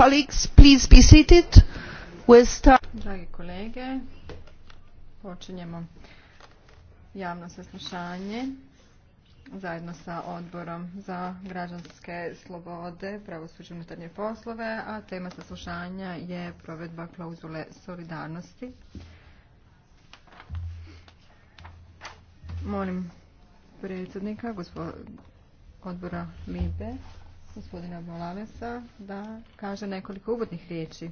Colleagues, please be seated. Dragi kolege, počinjemo javno saslušanje zajedno sa odborom za građanske slobode, pravosuđe unutarnje poslove, a tema saslušanja je provedba klauzule solidarnosti. Molim predsjednika odbora Libe gospodina Molavesa da kaže nekoliko uvodnih riječi.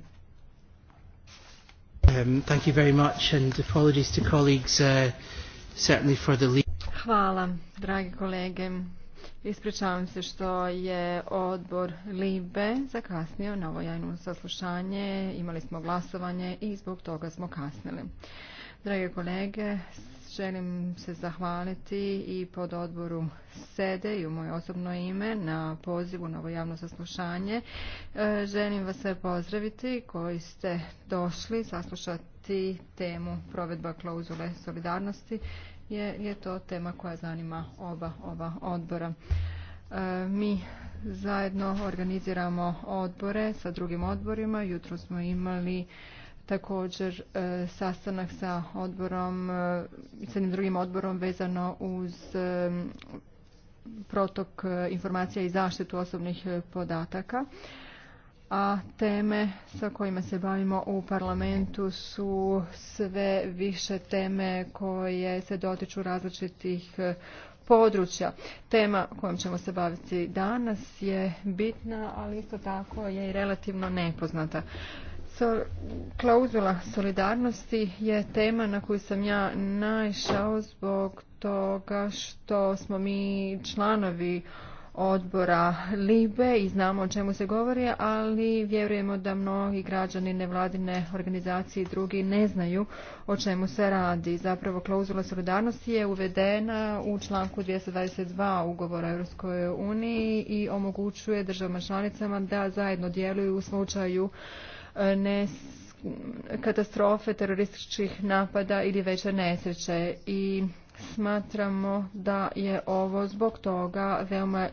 Hvala, dragi kolege. Ispričavam se što je odbor Libe zakasnio na ovo jajno saslušanje. Imali smo glasovanje i zbog toga smo kasnili. Drage kolege, Želim se zahvaliti i pod odboru SEDE i u moje osobno ime na pozivu na ovo javno saslušanje. E, želim vas sve pozdraviti koji ste došli saslušati temu provedba klauzule solidarnosti jer je to tema koja zanima oba ova odbora. E, mi zajedno organiziramo odbore sa drugim odborima. Jutro smo imali također e, sastanak sa odborom e, sa jednim drugim odborom vezano uz e, protok informacija i zaštitu osobnih podataka. A teme sa kojima se bavimo u parlamentu su sve više teme koje se dotiču različitih područja. Tema kojom ćemo se baviti danas je bitna, ali isto tako je i relativno nepoznata klauzula solidarnosti je tema na koju sam ja naišao zbog toga što smo mi članovi odbora LIBE i znamo o čemu se govori, ali vjerujemo da mnogi građani nevladine organizacije i drugi ne znaju o čemu se radi. Zapravo klauzula solidarnosti je uvedena u članku 222 ugovora EU uniji i omogućuje državama članicama da zajedno djeluju u slučaju ne katastrofe terorističkih napada ili veće nesreće i smatramo da je ovo zbog toga veoma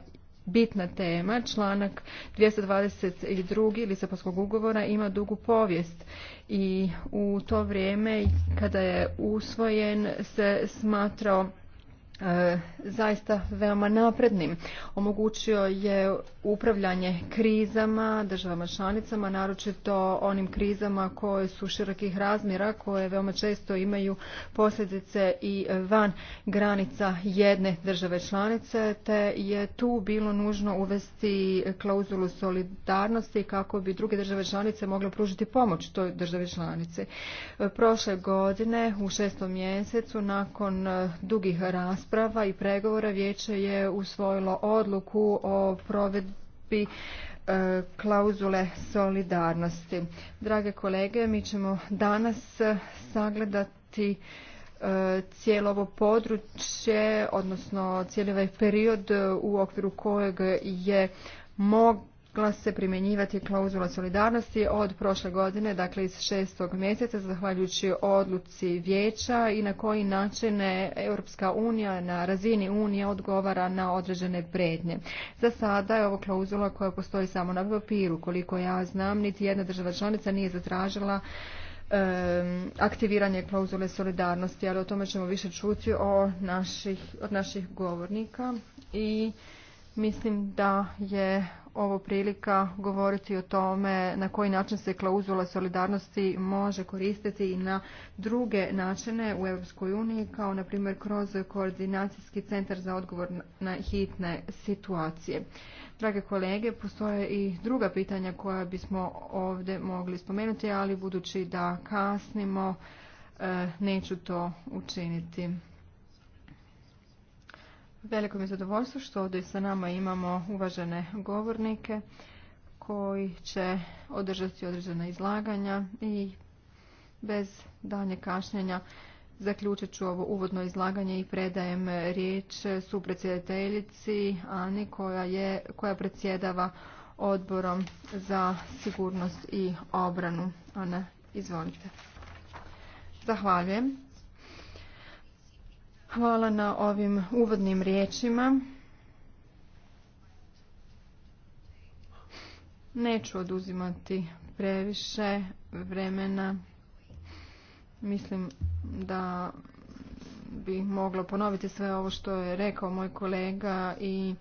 bitna tema. Članak 222. Lisabonskog ugovora ima dugu povijest i u to vrijeme kada je usvojen se smatrao E, zaista veoma naprednim. Omogućio je upravljanje krizama državama članicama, naročito onim krizama koje su širokih razmjera, koje veoma često imaju posljedice i van granica jedne države članice, te je tu bilo nužno uvesti klauzulu solidarnosti kako bi druge države članice mogle pružiti pomoć toj državi članici. E, prošle godine u šestom mjesecu nakon dugih rasprava rasprava i pregovora vijeće je usvojilo odluku o provedbi e, klauzule solidarnosti. Drage kolege, mi ćemo danas sagledati e, cijelo ovo područje, odnosno cijeli ovaj period u okviru kojeg je mog mogla se primjenjivati klauzula solidarnosti od prošle godine, dakle iz šestog mjeseca, zahvaljujući odluci vijeća i na koji način Europska unija na razini unije odgovara na određene prednje. Za sada je ovo klauzula koja postoji samo na papiru. Koliko ja znam, niti jedna država članica nije zatražila aktiviranje klauzule solidarnosti, ali o tome ćemo više čuti od naših govornika i mislim da je ovo prilika govoriti o tome na koji način se klauzula solidarnosti može koristiti i na druge načine u Europskoj uniji, kao na primjer kroz koordinacijski centar za odgovor na hitne situacije. Drage kolege, postoje i druga pitanja koja bismo ovdje mogli spomenuti, ali budući da kasnimo, e, neću to učiniti. Veliko mi je zadovoljstvo što ovdje sa nama imamo uvažene govornike koji će održati određena izlaganja i bez danje kašnjenja zaključit ću ovo uvodno izlaganje i predajem riječ su Ani koja, je, koja predsjedava odborom za sigurnost i obranu. Ana, izvolite. Zahvaljujem. Hvala na ovim uvodnim riječima. Neću oduzimati previše vremena. Mislim da bi mogla ponoviti sve ovo što je rekao moj kolega i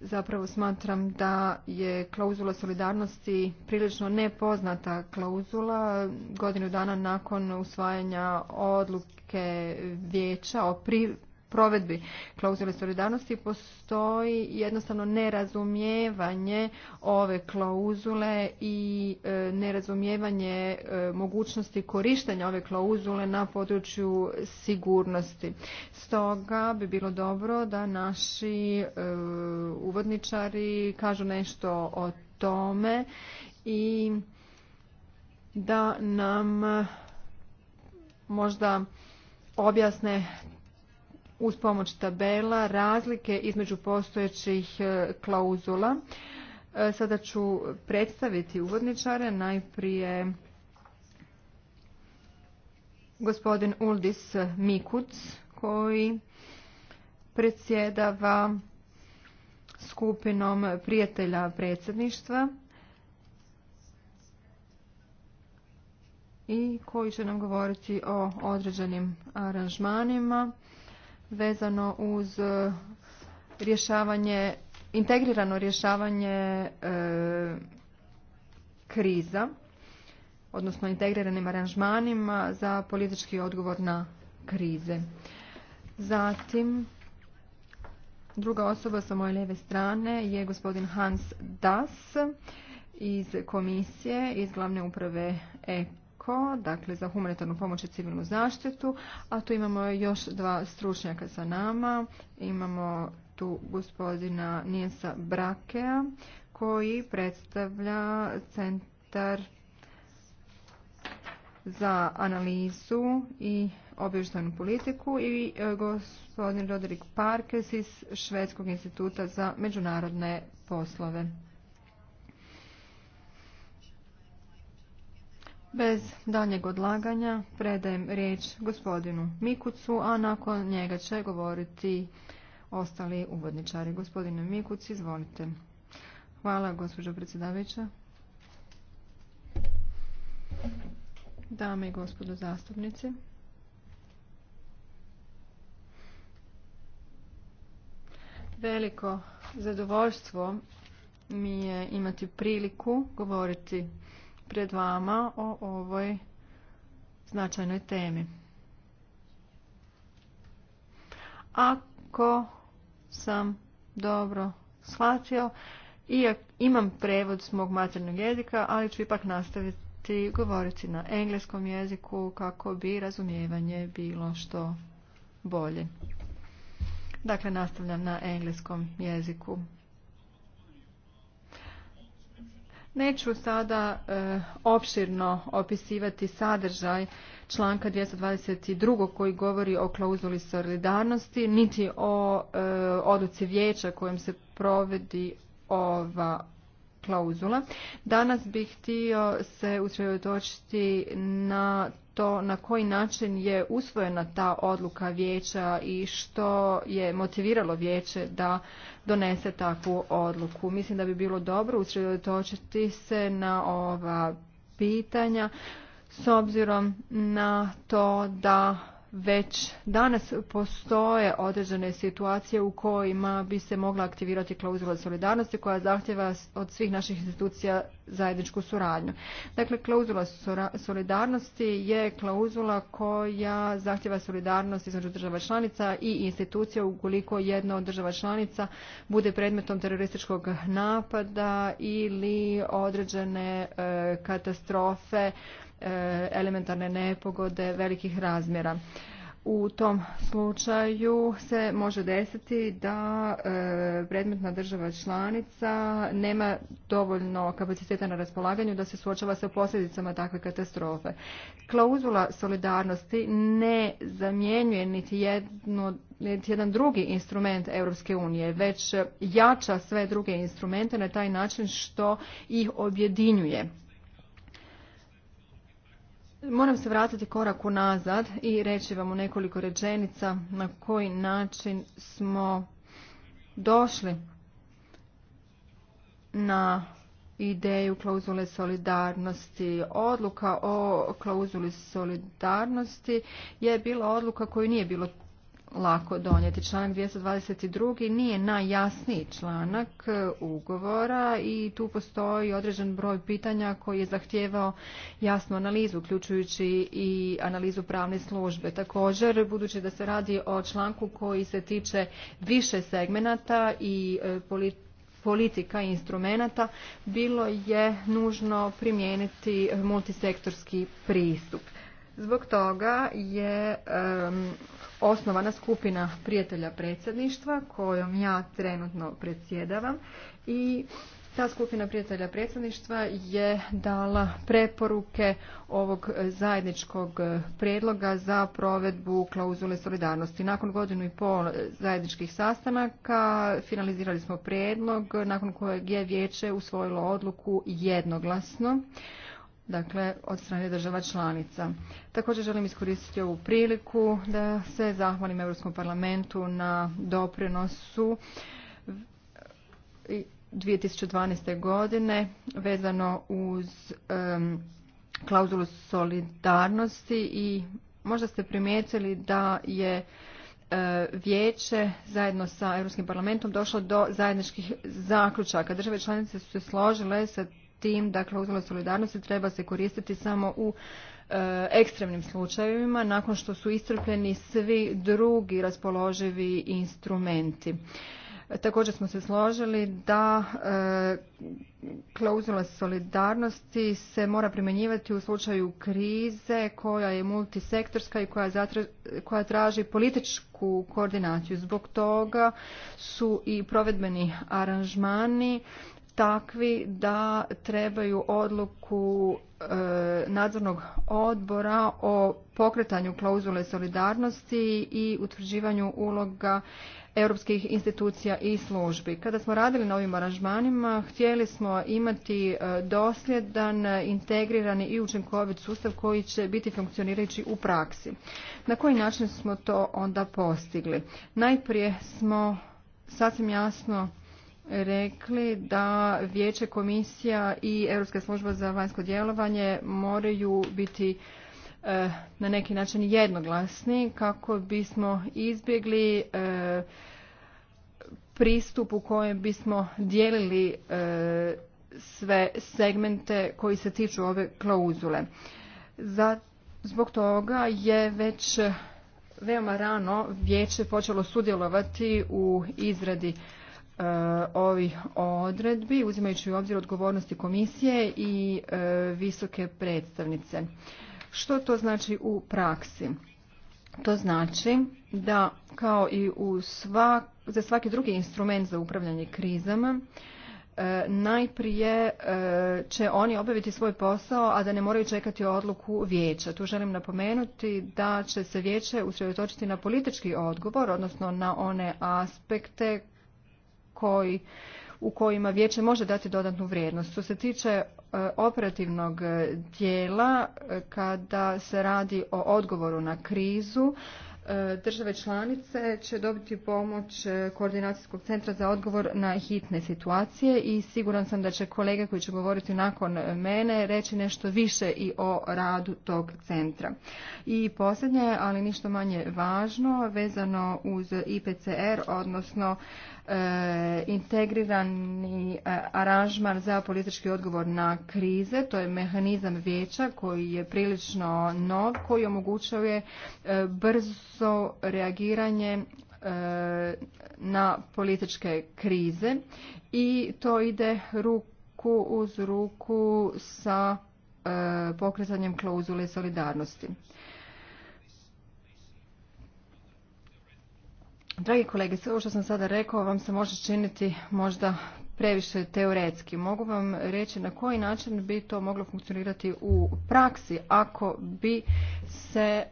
zapravo smatram da je klauzula solidarnosti prilično nepoznata klauzula godinu dana nakon usvajanja odluke vijeća o pri provedbi klauzule solidarnosti postoji jednostavno nerazumijevanje ove klauzule i e, nerazumijevanje e, mogućnosti korištenja ove klauzule na području sigurnosti. Stoga bi bilo dobro da naši e, uvodničari kažu nešto o tome i da nam možda objasne uz pomoć tabela razlike između postojećih e, klauzula. E, sada ću predstaviti uvodničare. Najprije gospodin Uldis Mikuc koji predsjedava skupinom prijatelja predsjedništva i koji će nam govoriti o određenim aranžmanima vezano uz e, rješavanje, integrirano rješavanje e, kriza, odnosno integriranim aranžmanima za politički odgovor na krize. Zatim, druga osoba sa moje lijeve strane je gospodin Hans Das iz komisije, iz glavne uprave EPA. Ko, dakle za humanitarnu pomoć i civilnu zaštitu, a tu imamo još dva stručnjaka sa nama. Imamo tu gospodina Nijensa Brakea koji predstavlja centar za analizu i obještvenu politiku i e, gospodin Roderick Parkes iz Švedskog instituta za međunarodne poslove. Bez daljeg odlaganja predajem riječ gospodinu Mikucu, a nakon njega će govoriti ostali uvodničari. Gospodine Mikuc, izvolite. Hvala, gospođo predsjedavajuća. Dame i gospodo zastupnici. Veliko zadovoljstvo mi je imati priliku govoriti pred vama o ovoj značajnoj temi. Ako sam dobro shvatio, imam prevod s mog maternog jezika, ali ću ipak nastaviti govoriti na engleskom jeziku kako bi razumijevanje bilo što bolje. Dakle, nastavljam na engleskom jeziku. Neću sada e, opširno opisivati sadržaj članka 222. koji govori o klauzuli solidarnosti, niti o e, odluci vijeća kojom se provedi ova klauzula. Danas bih htio se usredotočiti na to na koji način je usvojena ta odluka vijeća i što je motiviralo vijeće da donese takvu odluku. Mislim da bi bilo dobro usredotočiti se na ova pitanja s obzirom na to da već danas postoje određene situacije u kojima bi se mogla aktivirati klauzula solidarnosti koja zahtjeva od svih naših institucija zajedničku suradnju. Dakle, klauzula solidarnosti je klauzula koja zahtjeva solidarnost između država članica i institucija ukoliko jedna od država članica bude predmetom terorističkog napada ili određene e, katastrofe E, elementarne nepogode velikih razmjera. U tom slučaju se može desiti da e, predmetna država članica nema dovoljno kapaciteta na raspolaganju da se suočava sa posljedicama takve katastrofe. Klauzula solidarnosti ne zamjenjuje niti, jedan drugi instrument Europske unije, već jača sve druge instrumente na taj način što ih objedinjuje Moram se vratiti korak unazad i reći vam u nekoliko rečenica na koji način smo došli na ideju klauzule solidarnosti. Odluka o klauzuli solidarnosti je bila odluka koju nije bilo lako donijeti. Članak 222. nije najjasniji članak e, ugovora i tu postoji određen broj pitanja koji je zahtijevao jasnu analizu, uključujući i analizu pravne službe. Također, budući da se radi o članku koji se tiče više segmenata i e, politika i instrumenata, bilo je nužno primijeniti multisektorski pristup. Zbog toga je osnovana skupina prijatelja predsjedništva kojom ja trenutno predsjedavam i ta skupina prijatelja predsjedništva je dala preporuke ovog zajedničkog predloga za provedbu klauzule solidarnosti. Nakon godinu i pol zajedničkih sastanaka finalizirali smo predlog nakon kojeg je vijeće usvojilo odluku jednoglasno dakle od strane država članica. Također želim iskoristiti ovu priliku da se zahvalim Europskom parlamentu na doprinosu 2012. godine vezano uz klauzulu solidarnosti i možda ste primijetili da je e, vijeće zajedno sa Europskim parlamentom došlo do zajedničkih zaključaka. Države članice su se složile sa tim, dakle uzela solidarnosti treba se koristiti samo u e, ekstremnim slučajevima nakon što su iscrpljeni svi drugi raspoloživi instrumenti. Također smo se složili da e, klauzula solidarnosti se mora primjenjivati u slučaju krize koja je multisektorska i koja traži političku koordinaciju. Zbog toga su i provedbeni aranžmani takvi da trebaju odluku e, nadzornog odbora o pokretanju klauzule solidarnosti i utvrđivanju uloga europskih institucija i službi. Kada smo radili na ovim aranžmanima, htjeli smo imati e, dosljedan, integrirani i učinkovit sustav koji će biti funkcionirajući u praksi. Na koji način smo to onda postigli? Najprije smo sasvim jasno rekli da Vijeće komisija i Europska služba za vanjsko djelovanje moraju biti e, na neki način jednoglasni kako bismo izbjegli e, pristup u kojem bismo dijelili e, sve segmente koji se tiču ove klauzule. zbog toga je već veoma rano vijeće počelo sudjelovati u izradi E, ovih odredbi, uzimajući u obzir odgovornosti komisije i e, visoke predstavnice. Što to znači u praksi? To znači da kao i za svaki drugi instrument za upravljanje krizama, e, najprije će oni obaviti svoj posao, a da ne moraju čekati odluku vijeća. Tu želim napomenuti da će se vijeće usredotočiti na politički odgovor, odnosno na one aspekte koji u kojima vijeće može dati dodatnu vrijednost. Što se tiče e, operativnog tijela, e, e, kada se radi o odgovoru na krizu, države članice će dobiti pomoć Koordinacijskog centra za odgovor na hitne situacije i siguran sam da će kolege koji će govoriti nakon mene reći nešto više i o radu tog centra. I posljednje, ali ništa manje važno, vezano uz IPCR, odnosno E, integrirani e, aranžman za politički odgovor na krize. To je mehanizam vijeća koji je prilično nov, koji omogućuje e, brzo reagiranje na političke krize i to ide ruku uz ruku sa pokretanjem klauzule solidarnosti. Dragi kolege, sve ovo što sam sada rekao vam se može činiti možda previše teoretski. Mogu vam reći na koji način bi to moglo funkcionirati u praksi ako bi se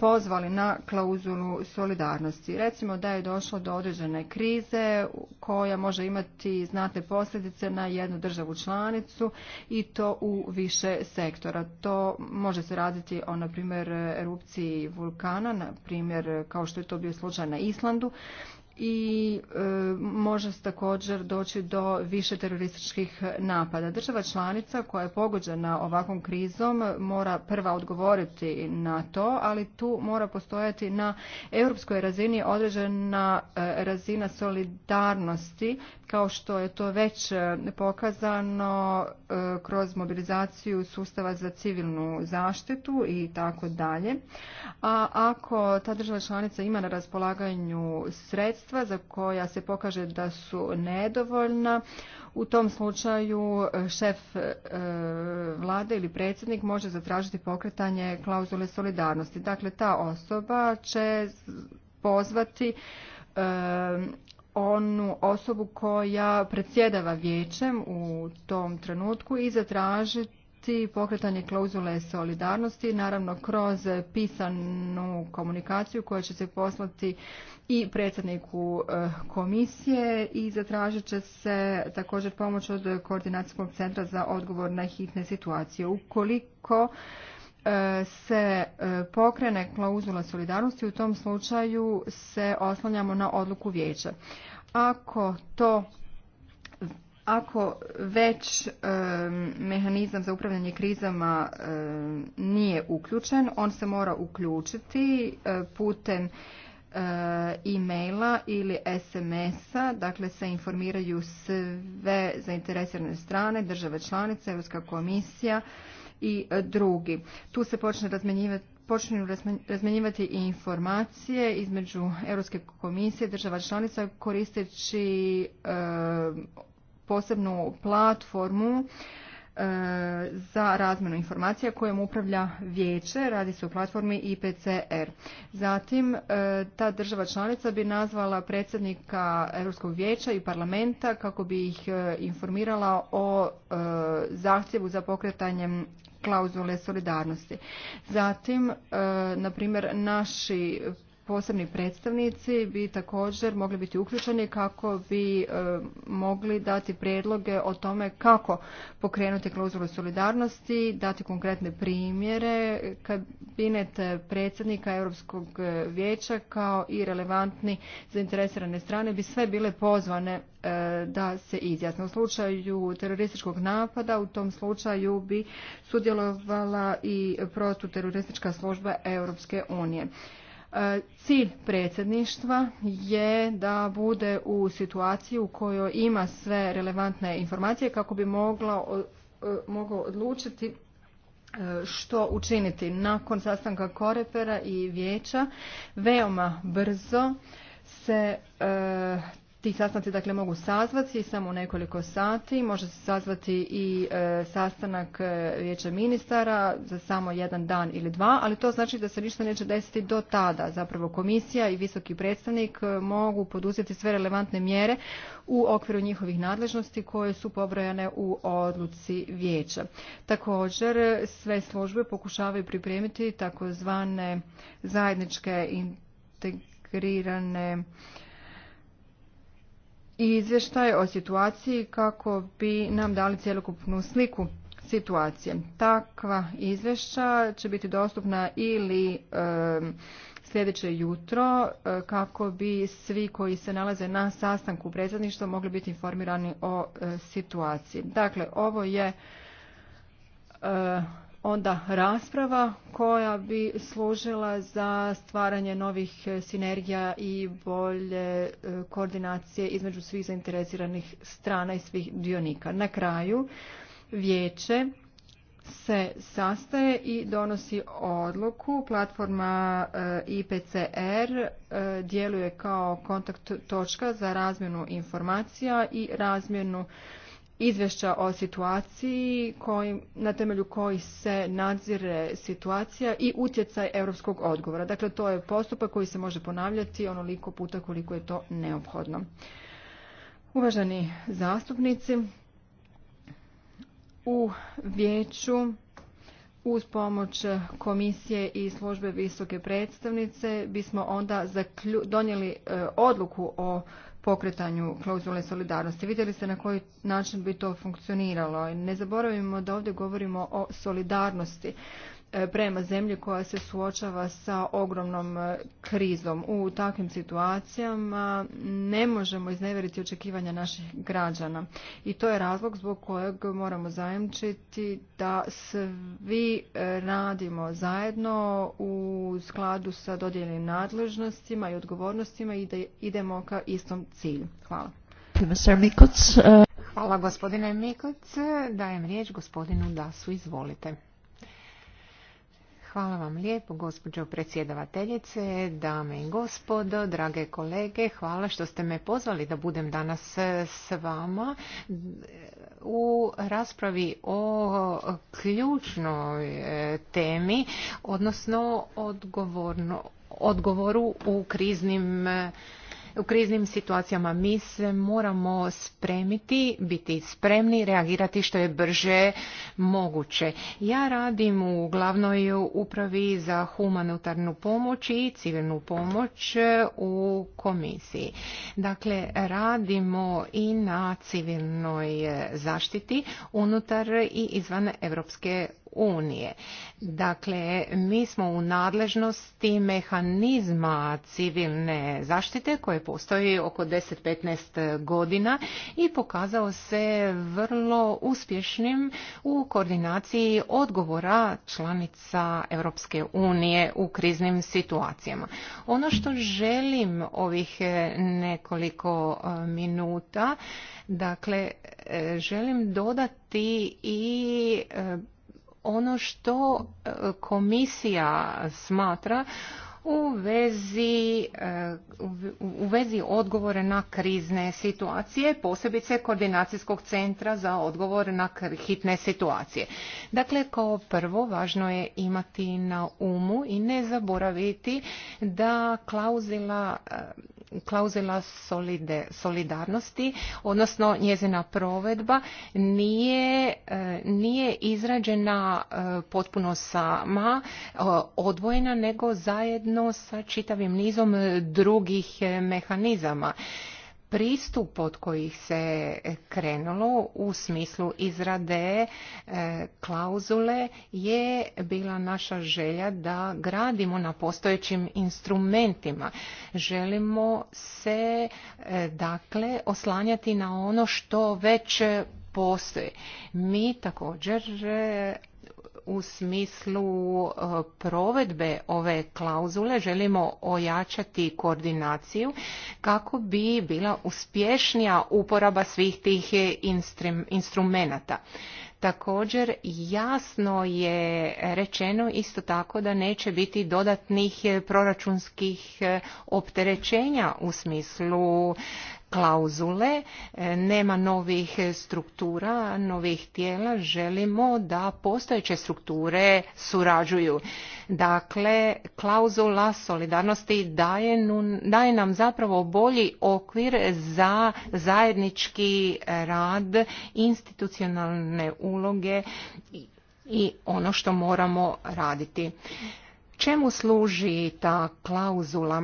pozvali na klauzulu solidarnosti. Recimo da je došlo do određene krize koja može imati znatne posljedice na jednu državu članicu i to u više sektora. To može se raditi o, na primjer, erupciji vulkana, na primjer, kao što je to bio slučaj na Islandu i e, može također doći do više terorističkih napada. Država članica koja je pogođena ovakvom krizom mora prva odgovoriti na to, ali tu mora postojati na europskoj razini određena e, razina solidarnosti kao što je to već e, pokazano kroz mobilizaciju sustava za civilnu zaštitu i tako dalje. A ako ta država članica ima na raspolaganju sredstva sredstva za koja se pokaže da su nedovoljna, u tom slučaju eh, šef eh, vlade ili predsjednik može zatražiti pokretanje klauzule solidarnosti. Dakle, ta osoba će pozvati eh, onu osobu koja predsjedava vijećem u tom trenutku i zatražiti podržati pokretanje klauzule solidarnosti, naravno kroz pisanu komunikaciju koja će se poslati i predsjedniku e, komisije i zatražit će se također pomoć od Koordinacijskog centra za odgovor na hitne situacije. Ukoliko e, se e, pokrene klauzula solidarnosti, u tom slučaju se oslanjamo na odluku vijeća. Ako to ako već mehanizam za upravljanje krizama nije uključen, on se mora uključiti eh, putem eh, e-maila ili SMS-a, dakle se informiraju sve zainteresirane strane, države članice, Europska komisija i eh, drugi. Tu se počne razmenjivati počinju informacije između Europske komisije država članica koristeći posebnu platformu e, za razmenu informacija kojom upravlja vijeće, radi se o platformi IPCR. Zatim, e, ta država članica bi nazvala predsjednika Europskog vijeća i parlamenta kako bi ih e, informirala o zahtjevu za pokretanjem klauzule solidarnosti. Zatim, na primjer, naši posebni predstavnici bi također mogli biti uključeni kako bi e, mogli dati prijedloge o tome kako pokrenuti klauzulu solidarnosti, dati konkretne primjere, kabinet predsjednika Europskog vijeća kao i relevantni zainteresirane strane bi sve bile pozvane e, da se izjasne. U slučaju terorističkog napada u tom slučaju bi sudjelovala i protuteroristička služba Europske unije. E, cilj predsjedništva je da bude u situaciji u kojoj ima sve relevantne informacije kako bi mogla, e, mogao odlučiti e, što učiniti nakon sastanka Korepera i vijeća. Veoma brzo se ti sastanci dakle mogu sazvati samo u nekoliko sati, može se sazvati i e, sastanak e, vijeća ministara za samo jedan dan ili dva, ali to znači da se ništa neće desiti do tada. Zapravo komisija i visoki predstavnik e, mogu poduzeti sve relevantne mjere u okviru njihovih nadležnosti koje su pobrojane u odluci vijeća. Također sve službe pokušavaju pripremiti takozvane zajedničke integrirane izvještaj o situaciji kako bi nam dali cjelokupnu sliku situacije. Takva izvješća će biti dostupna ili sljedeće jutro e, kako bi svi koji se nalaze na sastanku predsjedništva mogli biti informirani o e, situaciji. Dakle, ovo je e, onda rasprava koja bi služila za stvaranje novih sinergija i bolje e, koordinacije između svih zainteresiranih strana i svih dionika. Na kraju vijeće se sastaje i donosi odluku. Platforma e, IPCR e, djeluje kao kontakt točka za razmjenu informacija i razmjenu izvješća o situaciji na temelju koji se nadzire situacija i utjecaj europskog odgovora. Dakle, to je postupak koji se može ponavljati onoliko puta koliko je to neophodno. Uvaženi zastupnici, u vijeću uz pomoć komisije i službe visoke predstavnice bismo onda donijeli e, odluku o pokretanju klauzule solidarnosti. Vidjeli ste na koji način bi to funkcioniralo. Ne zaboravimo da ovdje govorimo o solidarnosti. E, prema zemlji koja se suočava sa ogromnom e, krizom. U takvim situacijama ne možemo izneveriti očekivanja naših građana i to je razlog zbog kojeg moramo zajemčiti da svi e, radimo zajedno u skladu sa dodijeljenim nadležnostima i odgovornostima i da idemo ka istom cilju. Hvala. Hvala gospodine Mikoc. Dajem riječ gospodinu Dasu. Izvolite. Hvala vam lijepo, gospođo predsjedavateljice, dame i gospodo, drage kolege. Hvala što ste me pozvali da budem danas e, s vama u raspravi o ključnoj e, temi, odnosno odgovoru u kriznim u kriznim situacijama. Mi se moramo spremiti, biti spremni, reagirati što je brže moguće. Ja radim u glavnoj upravi za humanitarnu pomoć i civilnu pomoć u komisiji. Dakle, radimo i na civilnoj zaštiti unutar i izvan Europske unije. Dakle, mi smo u nadležnosti mehanizma civilne zaštite koje postoji oko 10-15 godina i pokazao se vrlo uspješnim u koordinaciji odgovora članica Europske unije u kriznim situacijama. Ono što želim ovih nekoliko e, minuta, dakle, e, želim dodati i e, ono što e, komisija smatra u vezi, e, u vezi odgovore na krizne situacije, posebice koordinacijskog centra za odgovor na hitne situacije. Dakle, kao prvo važno je imati na umu i ne zaboraviti da klauzila e, klauzula solidarnosti, odnosno njezina provedba nije, e, nije izrađena e, potpuno sama, e, odvojena, nego zajedno sa čitavim nizom drugih mehanizama pristup od kojih se krenulo u smislu izrade e, klauzule je bila naša želja da gradimo na postojećim instrumentima. Želimo se e, dakle oslanjati na ono što već postoji. Mi također e, u smislu e, provedbe ove klauzule želimo ojačati koordinaciju kako bi bila uspješnija uporaba svih tih instrumenata. Također jasno je rečeno isto tako da neće biti dodatnih proračunskih e, opterećenja u smislu klauzule, e, nema novih struktura, novih tijela, želimo da postojeće strukture surađuju. Dakle, klauzula solidarnosti daje, nam zapravo bolji okvir za zajednički rad, institucionalne uloge i ono što moramo raditi. Čemu služi ta klauzula?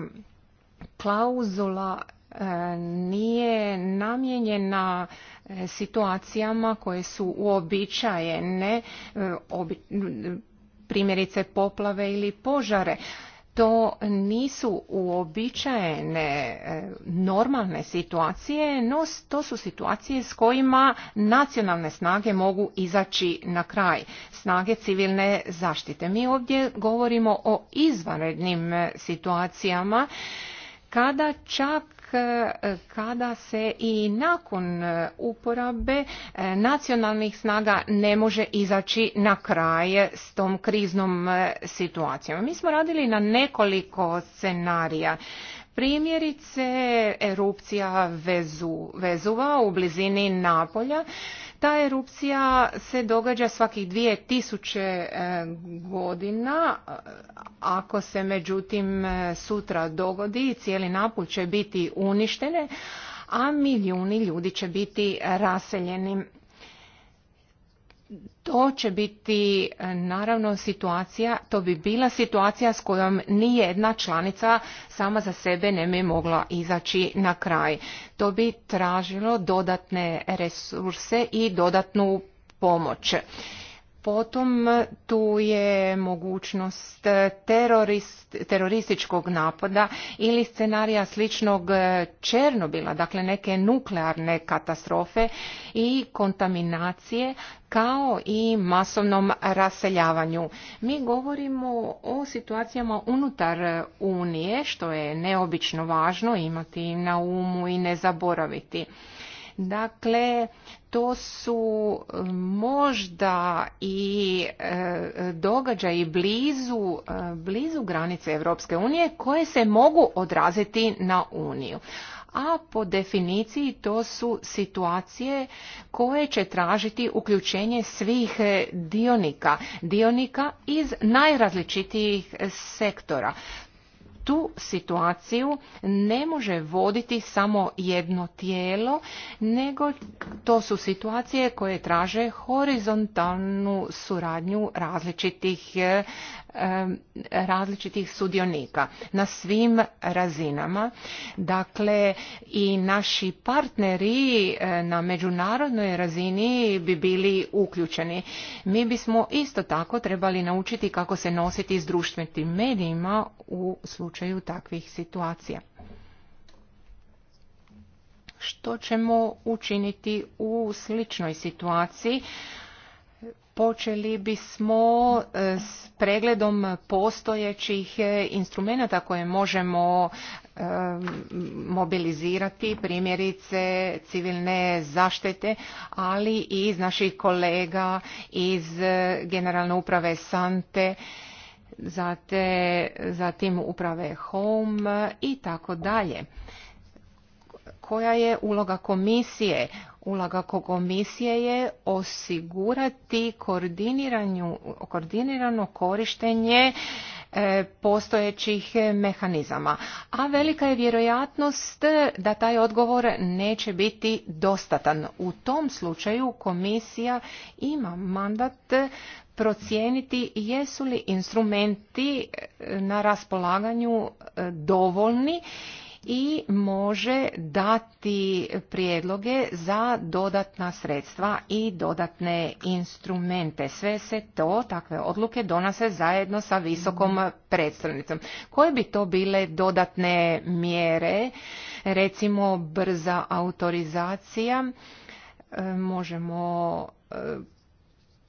Klauzula E, nije namijenjena e, situacijama koje su uobičajene, e, primjerice poplave ili požare. To nisu uobičajene normalne situacije, no to su situacije s kojima nacionalne snage mogu izaći na kraj, snage civilne zaštite. Mi ovdje govorimo o izvanrednim situacijama kada čak kada se i nakon e, uporabe e, nacionalnih snaga ne može izaći na kraj s tom kriznom e, situacijom. Mi smo radili na nekoliko scenarija. Primjerice erupcija Vezu, Vezuva u blizini Napolja ta erupcija se događa svakih tisuće e, godina. Ako se međutim e, sutra dogodi, cijeli napul će biti uništene, a milijuni ljudi će biti raseljeni to će biti e, naravno situacija, to bi bila situacija s kojom ni jedna članica sama za sebe ne bi mogla izaći na kraj. To bi tražilo dodatne resurse i dodatnu pomoć. Potom tu je mogućnost terorist, terorističkog napada ili scenarija sličnog Černobila, dakle neke nuklearne katastrofe i kontaminacije kao i masovnom raseljavanju. Mi govorimo o situacijama unutar Unije, što je neobično važno imati na umu i ne zaboraviti. Dakle, to su e, možda i e, događaji blizu, e, blizu granice Europske unije koje se mogu odraziti na Uniju a po definiciji to su situacije koje će tražiti uključenje svih dionika, dionika iz najrazličitijih sektora tu situaciju ne može voditi samo jedno tijelo, nego to su situacije koje traže horizontalnu suradnju različitih različitih sudionika na svim razinama. Dakle, i naši partneri na međunarodnoj razini bi bili uključeni. Mi bismo isto tako trebali naučiti kako se nositi s društvenim medijima u slučaju takvih situacija. Što ćemo učiniti u sličnoj situaciji? počeli bismo e, s pregledom postojećih e, instrumenata koje možemo e, mobilizirati primjerice civilne zaštite, ali i iz naših kolega iz generalne uprave Sante, zatim uprave Home i tako dalje. Koja je uloga komisije Ulaga komisije je osigurati koordinirano korištenje e, postojećih mehanizama. A velika je vjerojatnost da taj odgovor neće biti dostatan. U tom slučaju komisija ima mandat procijeniti jesu li instrumenti na raspolaganju e, dovoljni i može dati prijedloge za dodatna sredstva i dodatne instrumente. Sve se to, takve odluke, donose zajedno sa visokom predstavnicom. Koje bi to bile dodatne mjere, recimo brza autorizacija, e, možemo e,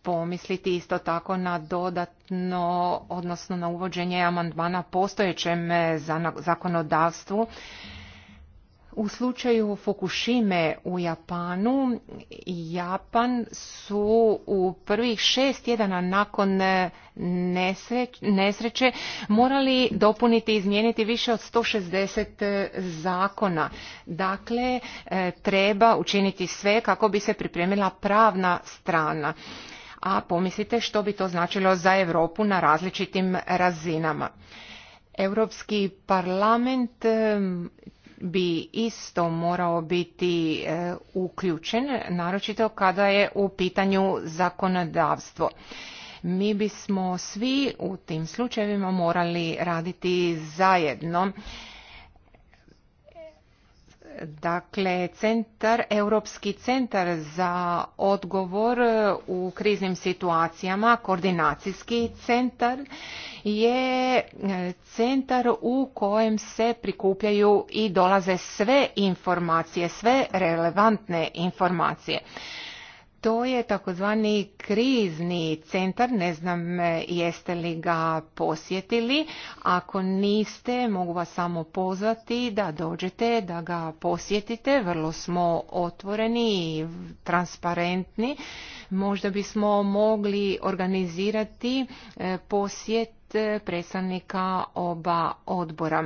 pomisliti isto tako na dodatno, odnosno na uvođenje amandmana postojećem eh, zakonodavstvu. U slučaju Fukushime u Japanu, Japan su u prvih šest tjedana nakon eh, nesreće morali dopuniti i izmijeniti više od 160 eh, zakona. Dakle, treba učiniti sve kako bi se pripremila pravna strana a pomislite što bi to značilo za Europu na različitim razinama. Europski parlament bi isto morao biti e, uključen, naročito kada je u pitanju zakonodavstvo. Mi bismo svi u tim slučajevima morali raditi zajedno Dakle, centar, Europski centar za odgovor u kriznim situacijama, koordinacijski centar, je e, centar u kojem se prikupljaju i dolaze sve informacije, sve relevantne informacije. To je takozvani krizni centar, ne znam e, jeste li ga posjetili. Ako niste, mogu vas samo pozvati da dođete, da ga posjetite. Vrlo smo otvoreni i transparentni. Možda bismo mogli organizirati e, posjet e, predstavnika oba odbora.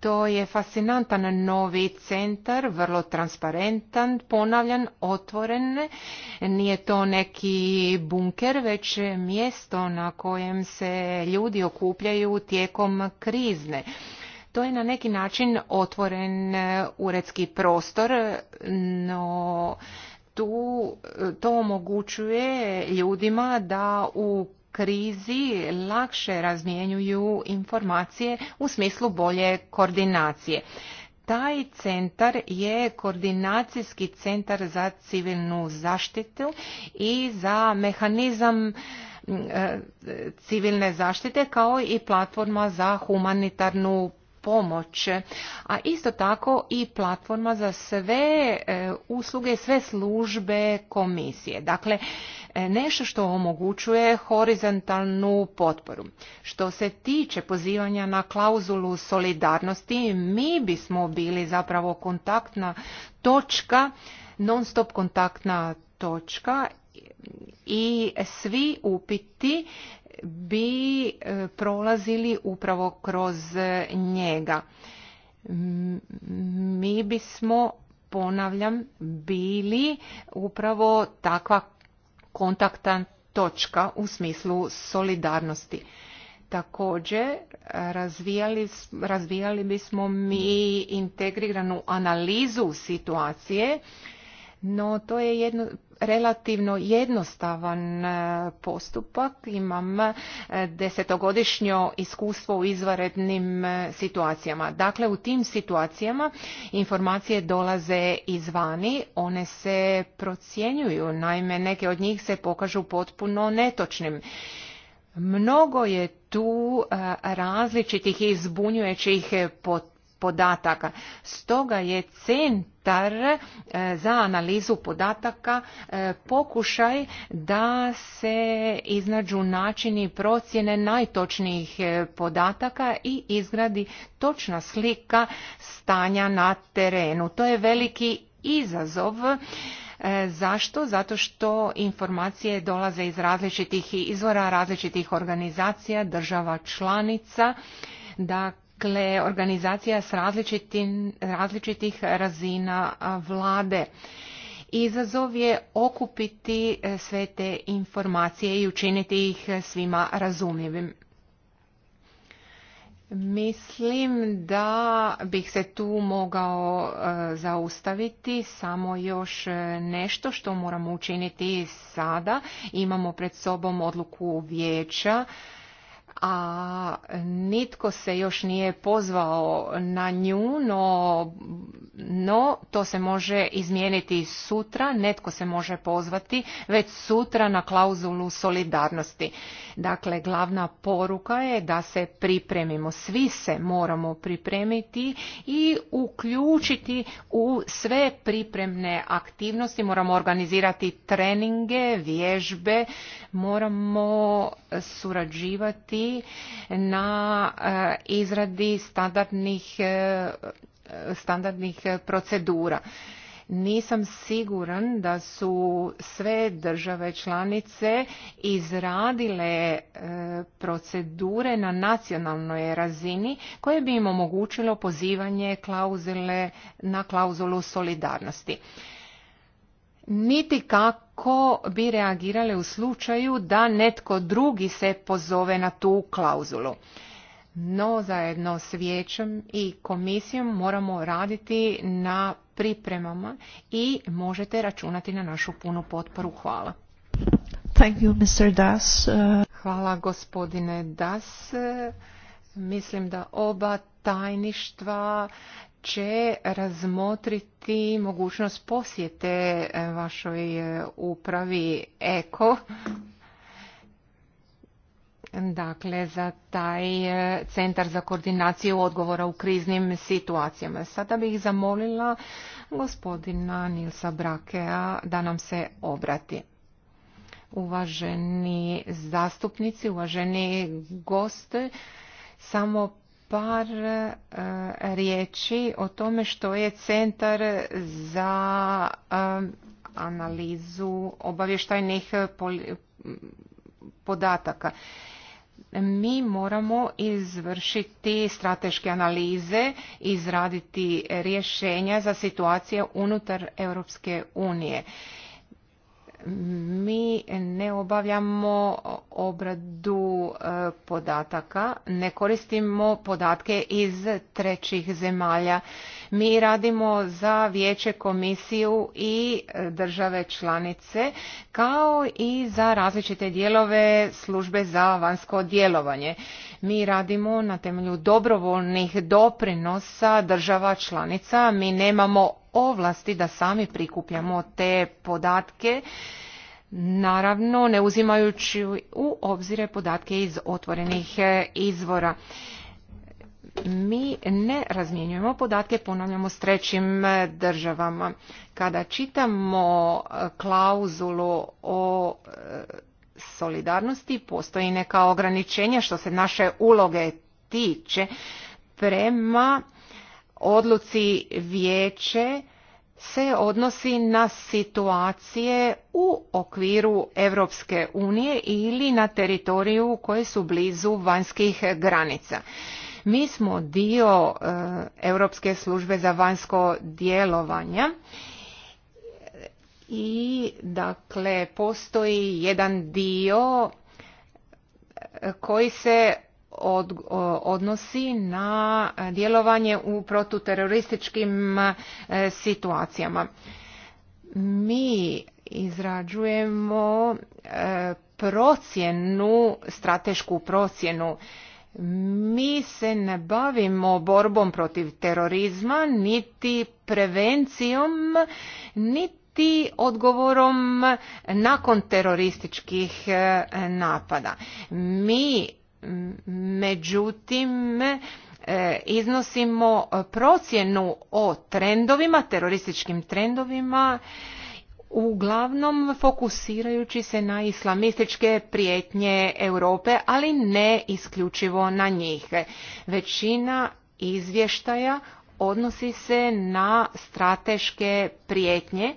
To je fascinantan novi centar, vrlo transparentan, ponavljan, otvoren. Nije to neki bunker, već mjesto na kojem se ljudi okupljaju tijekom krizne. To je na neki način otvoren e, uredski prostor, no tu e, to omogućuje ljudima da u krizi lakše razmijenjuju informacije u smislu bolje koordinacije. Taj centar je koordinacijski centar za civilnu zaštitu i za mehanizam e, civilne zaštite kao i platforma za humanitarnu pomoć, a isto tako i platforma za sve e, usluge, sve službe komisije. Dakle, E, nešto što omogućuje horizontalnu potporu. Što se tiče pozivanja na klauzulu solidarnosti, mi bismo bili zapravo kontaktna točka, non-stop kontaktna točka i svi upiti bi e, prolazili upravo kroz njega. Mi bismo, ponavljam, bili upravo takva kontakta točka u smislu solidarnosti. Također, razvijali, razvijali bismo mi integriranu analizu situacije, no to je jedno relativno jednostavan e, postupak. Imam e, desetogodišnjo iskustvo u izvarednim e, situacijama. Dakle, u tim situacijama informacije dolaze izvani, one se procjenjuju, naime neke od njih se pokažu potpuno netočnim. Mnogo je tu različitih i zbunjujućih podataka. Stoga je centar e, za analizu podataka e, pokušaj da se iznađu načini procjene najtočnijih e, podataka i izgradi točna slika stanja na terenu. To je veliki izazov. Zašto? Zato što informacije dolaze iz različitih izvora, različitih organizacija, država članica. Dakle, dakle organizacija s različitih razina vlade. Izazov je okupiti e, sve te informacije i učiniti ih e, svima razumljivim. Mislim da bih se tu mogao e, zaustaviti samo još nešto što moramo učiniti sada. Imamo pred sobom odluku vijeća a nitko se još nije pozvao na nju, no, no to se može izmijeniti sutra, netko se može pozvati već sutra na klauzulu solidarnosti. Dakle, glavna poruka je da se pripremimo, svi se moramo pripremiti i uključiti u sve pripremne aktivnosti, moramo organizirati treninge, vježbe, moramo surađivati na e, izradi standardnih, e, standardnih procedura nisam siguran da su sve države članice izradile e, procedure na nacionalnoj razini koje bi im omogućilo pozivanje klauzule na klauzulu solidarnosti niti kako bi reagirale u slučaju da netko drugi se pozove na tu klauzulu. No, zajedno s vijećem i komisijom moramo raditi na pripremama i možete računati na našu punu potporu. Hvala. Thank you, Mr. Das. Uh, Hvala gospodine Das. Mislim da oba tajništva će razmotriti mogućnost posjete e, vašoj e, upravi EKO. Dakle, za taj e, centar za koordinaciju odgovora u kriznim situacijama. Sada bih zamolila gospodina Nilsa Brakea da nam se obrati. Uvaženi zastupnici, uvaženi gosti, samo par e, riječi o tome što je centar za e, analizu obavještajnih podataka mi moramo izvršiti strateške analize izraditi rješenja za situacije unutar europske unije mi ne obavljamo obradu e, podataka, ne koristimo podatke iz trećih zemalja. Mi radimo za vijeće komisiju i e, države članice kao i za različite dijelove službe za vanjsko djelovanje. Mi radimo na temelju dobrovoljnih doprinosa država članica, mi nemamo ovlasti da sami prikupljamo te podatke naravno ne uzimajući u obzire podatke iz otvorenih e, izvora. Mi ne razmjenjujemo podatke, ponavljamo s trećim e, državama. Kada čitamo e, klauzulu o solidarnosti, postoji neka ograničenja što se naše uloge tiče prema odluci vijeće se odnosi na situacije u okviru Europske unije ili na teritoriju koje su blizu vanjskih granica. Mi smo dio eh, Europske službe za vanjsko djelovanje i dakle postoji jedan dio eh, koji se odnosi na djelovanje u protuterorističkim e, situacijama. Mi izrađujemo e, procjenu, stratešku procjenu. Mi se ne bavimo borbom protiv terorizma, niti prevencijom, niti odgovorom nakon terorističkih e, napada. Mi međutim e, iznosimo procjenu o trendovima, terorističkim trendovima, uglavnom fokusirajući se na islamističke prijetnje Europe, ali ne isključivo na njih. Većina izvještaja odnosi se na strateške prijetnje,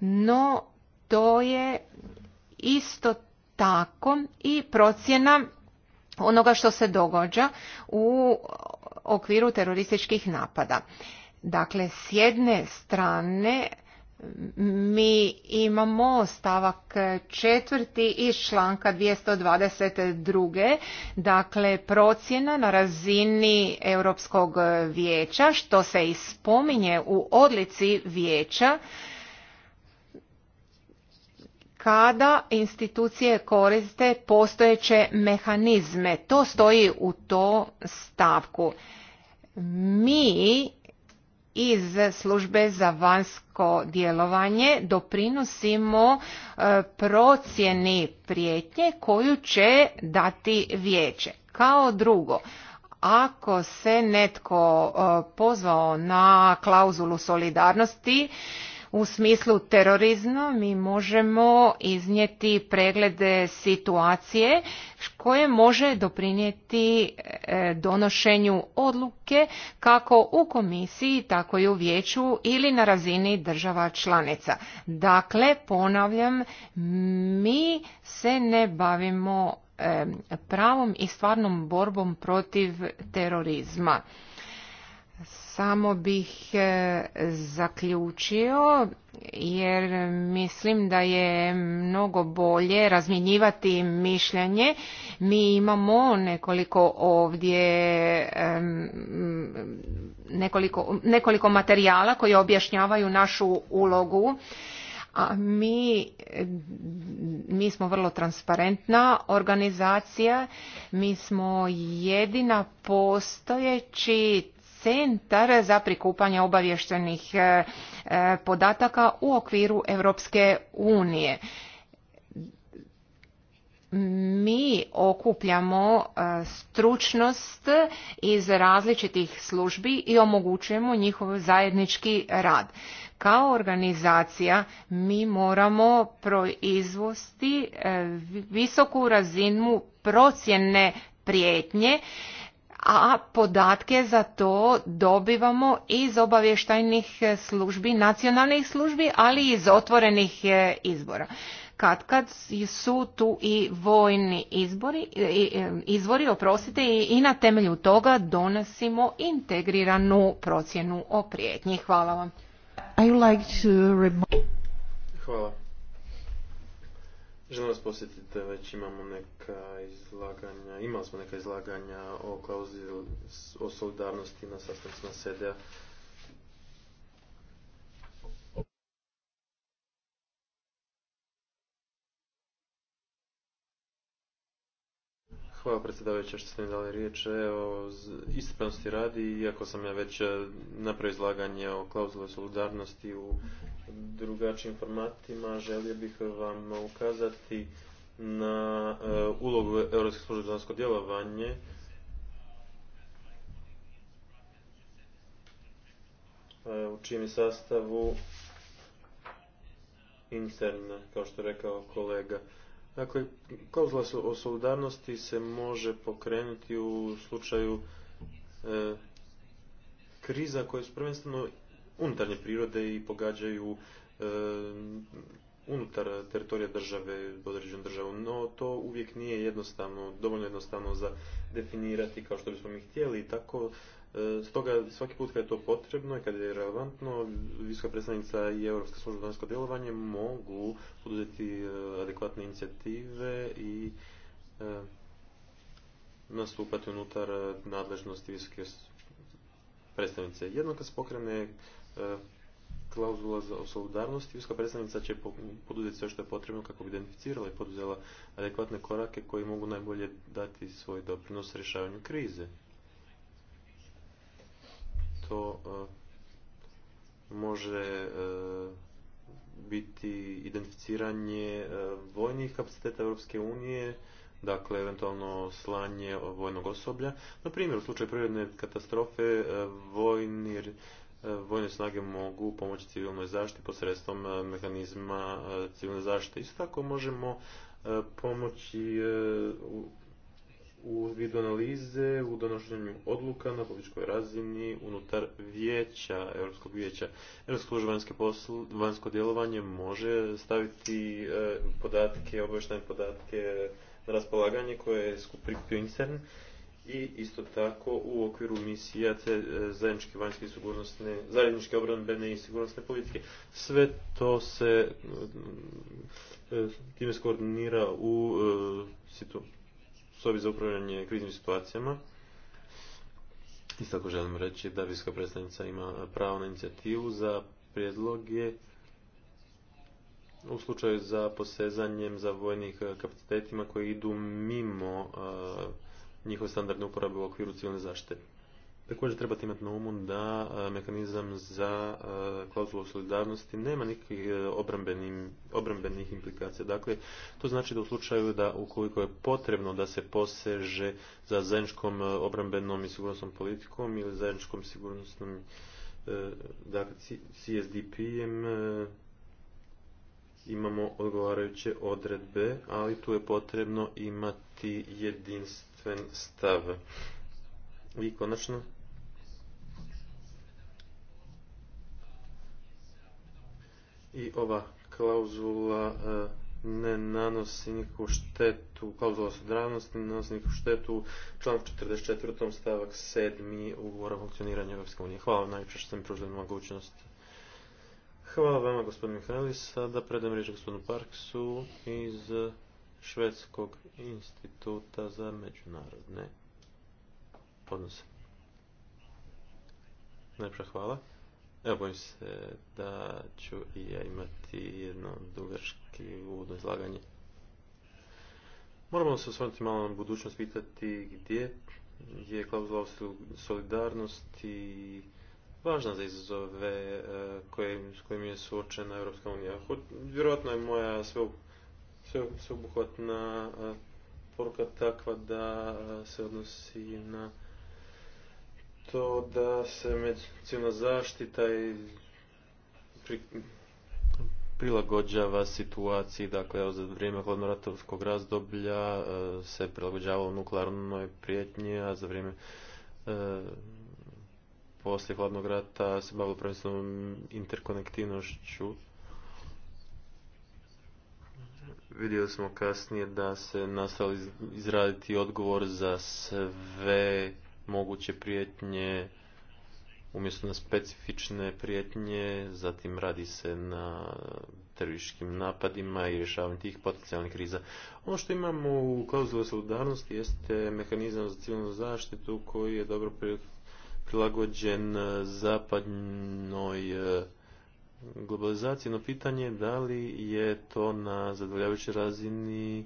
no to je isto tako i procjena onoga što se događa u okviru terorističkih napada. Dakle, s jedne strane mi imamo stavak četvrti iz članka 222. Dakle, procjena na razini Europskog vijeća, što se ispominje u odlici vijeća, kada institucije koriste postojeće mehanizme. To stoji u to stavku. Mi iz službe za vanjsko djelovanje doprinosimo e, procjeni prijetnje koju će dati vijeće. Kao drugo, ako se netko e, pozvao na klauzulu solidarnosti, u smislu terorizma mi možemo iznijeti preglede situacije koje može doprinijeti e, donošenju odluke kako u komisiji, tako i u vijeću ili na razini država članica. Dakle, ponavljam, mi se ne bavimo e, pravom i stvarnom borbom protiv terorizma. Samo bih e, zaključio jer mislim da je mnogo bolje razmjenjivati mišljenje. Mi imamo nekoliko ovdje nekoliko, nekoliko materijala koji objašnjavaju našu ulogu. A mi, mi smo vrlo transparentna organizacija, mi smo jedina postojeći centar za prikupanje obavještenih e, e, podataka u okviru Europske unije. Mi okupljamo e, stručnost iz različitih službi i omogućujemo njihov zajednički rad. Kao organizacija mi moramo proizvosti visoku razinu procjene prijetnje a podatke za to dobivamo iz obavještajnih službi, nacionalnih službi, ali i iz otvorenih e, izbora. Kad kad su tu i vojni izbori, e, e, izvori, oprostite, i na temelju toga donosimo integriranu procjenu o prijetnji. Hvala vam. Hvala. Želim vas posjetiti da već imamo neka izlaganja, imali smo neka izlaganja o klauzuli o solidarnosti na sastancima SEDA Hvala predsjedavajuća što ste mi dali riječ. o ispravnosti radi, iako sam ja već e, napravio izlaganje o klauzule solidarnosti u drugačijim formatima, želio bih vam ukazati na e, ulogu Europske službe za djelovanje. E, u čijem sastavu interne, kao što je rekao kolega. Dakle, kozla o solidarnosti se može pokrenuti u slučaju e, kriza koje su prvenstveno unutarnje prirode i pogađaju e, unutar teritorija države, određenu državu, no to uvijek nije jednostavno, dovoljno jednostavno za definirati kao što bismo mi htjeli i tako E, stoga svaki put kad je to potrebno i kad je relevantno, visoka predstavnica i Europska služba djelovanje mogu poduzeti e, adekvatne inicijative i e, nastupati unutar nadležnosti visoke predstavnice. Jednom kad se pokrene klauzula za solidarnost visoka predstavnica će poduzeti sve što je potrebno kako bi identificirala i poduzela adekvatne korake koji mogu najbolje dati svoj doprinos rješavanju krize. To e, može e, biti identificiranje e, vojnih kapaciteta Europske unije, dakle eventualno slanje vojnog osoblja. Na primjer, u slučaju prirodne katastrofe vojni, vojne snage mogu pomoći civilnoj zaštiti posredstvom mehanizma civilne zaštite. Isto tako možemo pomoći u vidu analize, u donošenju odluka na političkoj razini unutar vijeća, Europskog vijeća. Europsko vanjsko djelovanje može staviti e, podatke, obavještajne podatke na raspolaganje koje je skupio i isto tako u okviru misija te zajedničke vanjske sigurnosne, zajedničke obrambene i sigurnosne politike. Sve to se e, time skoordinira u e, sobi za upravljanje kriznim situacijama. Isto tako želim reći da visoka predstavnica ima pravo na inicijativu za prijedloge u slučaju za posezanjem za vojnih kapacitetima koji idu mimo njihove standardne uporabe u okviru civilne zaštite. Također trebate imati na umu da e, mehanizam za e, klauzulu solidarnosti nema nikakvih e, obrambenih implikacija. Dakle, to znači da u slučaju da ukoliko je potrebno da se poseže za zajedničkom obrambenom i sigurnosnom politikom ili zajedničkom sigurnosnom dakle, CSDP-em imamo odgovarajuće odredbe, ali tu je potrebno imati jedinstven stav. I konačno, i ova klauzula e, ne nanosi nikakvu štetu, klauzula sudravnosti ne nanosi nikakvu štetu, članak 44. stavak 7. ugovora o funkcioniranju Europske unije. Hvala vam najviše što ste mi pružili mogućnost. Hvala vama gospodin Mihajli, Sada predam riječ gospodinu Parksu iz Švedskog instituta za međunarodne odnose. Najprej hvala. Evo bojim se da ću i ja imati jedno dugački uvodno izlaganje. Moramo se osvrnuti malo na budućnost, pitati gdje je klauzula solidarnosti važna za izazove e, s kojim je suočena Europska unija. Vjerojatno je moja sveobuhvatna e, poruka takva da e, se odnosi na to da se medicina zaštita i prilagođava situaciji, dakle za vrijeme hladnoratovskog razdoblja e, se prilagođavalo nuklearnoj prijetnji, a za vrijeme e, poslije hladnog rata se bavilo prvenstveno interkonektivnošću. Vidjeli smo kasnije da se nastali izraditi odgovor za sve moguće prijetnje umjesto na specifične prijetnje, zatim radi se na terorističkim napadima i rješavanju tih potencijalnih kriza. Ono što imamo u klauzuli solidarnosti jeste mehanizam za civilnu zaštitu koji je dobro prilagođen zapadnoj e, globalizaciji, no pitanje je da li je to na zadovoljavajućoj razini e,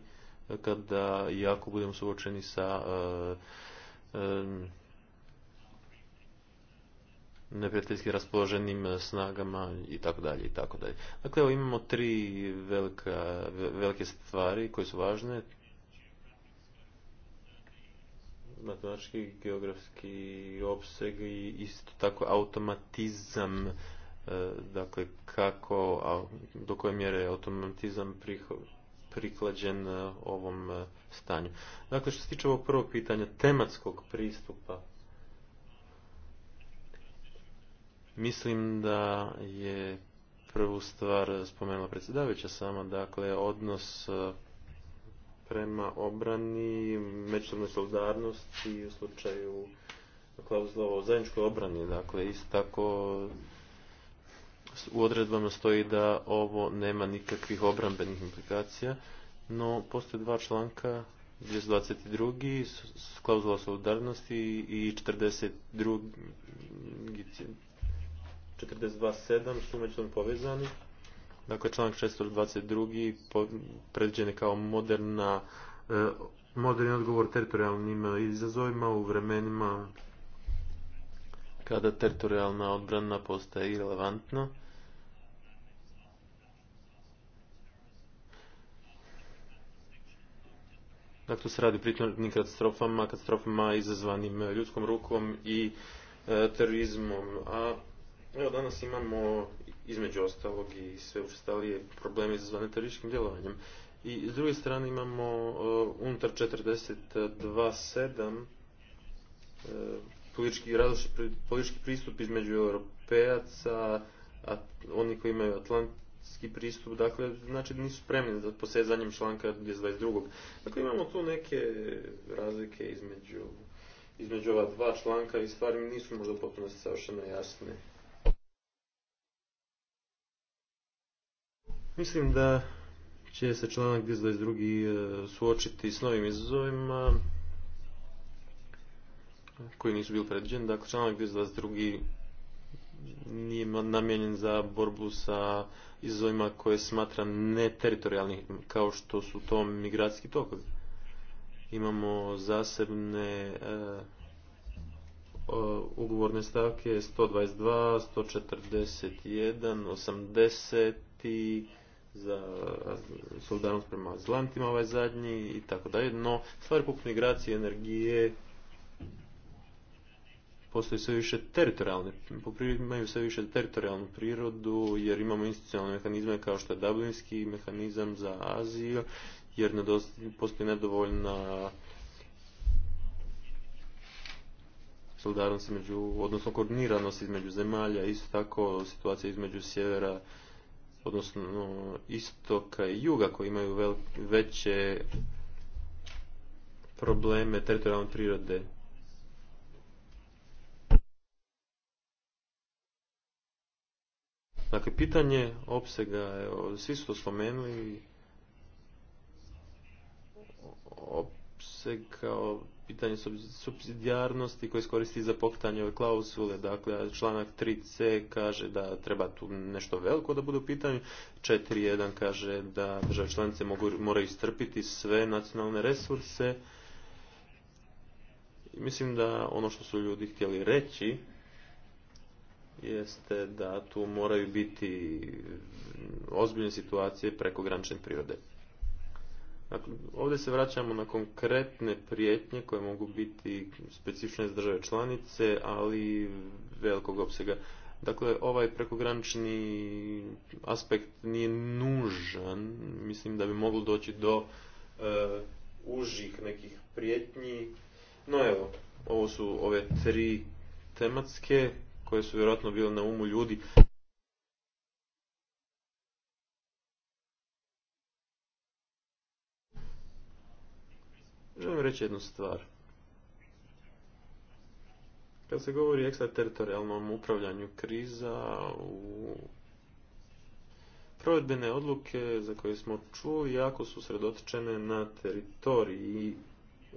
kada jako budemo suočeni sa e, neprijateljski raspoloženim e, snagama i tako dalje i tako dalje. Dakle, evo imamo tri velika, velike stvari koje su važne. Matematički, geografski opseg i isto tako automatizam, e, dakle kako, do koje mjere automatizam prihod, priklađen e, ovom e, stanju. Dakle, što se tiče ovog prvog pitanja, tematskog pristupa, mislim da je prvu stvar spomenula predsjedavajuća sama, dakle, odnos e, prema obrani, međusobnoj solidarnosti u slučaju klauzula o zajedničkoj obrani, dakle, isto tako u odredbama stoji da ovo nema nikakvih obrambenih implikacija, no postoje dva članka s klauzula solidarnosti i 42. 42.7 su međutim povezani. Dakle, članak 622. predviđen je kao moderna, e, moderni odgovor teritorijalnim izazovima u vremenima kada teritorijalna odbrana postaje irelevantna Dakle, se radi o katastrofama, katastrofama izazvanim e, ljudskom rukom i e, terorizmom. A evo danas imamo između ostalog i sve učestalije probleme izazvane terorističkim djelovanjem. I s druge strane imamo e, unutar 42.7 e, politički, politički pristup između europejaca, a, oni koji imaju Atlant, pristup, dakle, znači nisu spremni za posezanjem članka 22. Dakle, imamo tu neke razlike između, između ova dva članka i stvari nisu možda potpuno savršeno jasne. Mislim da će se članak 22. E, suočiti s novim izazovima koji nisu bili predviđeni. Dakle, članak 22 nije namijenjen za borbu sa izazovima koje smatram neteritorijalnih, kao što su to migracijski tokovi. Imamo zasebne eh, ugovorne stavke 122, 141, 80 za solidarnost prema zlantima ovaj zadnji i tako dalje, no stvari poput migracije, energije, postaju sve više teritorijalne, imaju sve više teritorijalnu prirodu jer imamo institucionalne mehanizme kao što je Dublinski mehanizam za Aziju jer postoji nedovoljna solidarnost između, odnosno koordiniranost između zemalja, isto tako situacija između sjevera odnosno istoka i juga koji imaju veće probleme teritorijalne prirode Dakle, pitanje opsega, evo, svi su to spomenuli, opseg kao pitanje subsidijarnosti koje koristi za pokretanje ove klausule. Dakle, članak 3c kaže da treba tu nešto veliko da bude u pitanju. 4.1 kaže da države članice mogu, moraju istrpiti sve nacionalne resurse. Mislim da ono što su ljudi htjeli reći jeste da tu moraju biti ozbiljne situacije prekogranične prirode. Dakle, ovdje se vraćamo na konkretne prijetnje koje mogu biti specifične za države članice, ali velikog opsega. Dakle, ovaj prekogranični aspekt nije nužan. Mislim da bi moglo doći do e, užih nekih prijetnji. No evo, ovo su ove tri tematske koje su vjerojatno bile na umu ljudi. Želim reći jednu stvar. Kad se govori o ekstrateritorijalnom upravljanju kriza u provedbene odluke za koje smo čuli jako su sredotočene na teritoriji i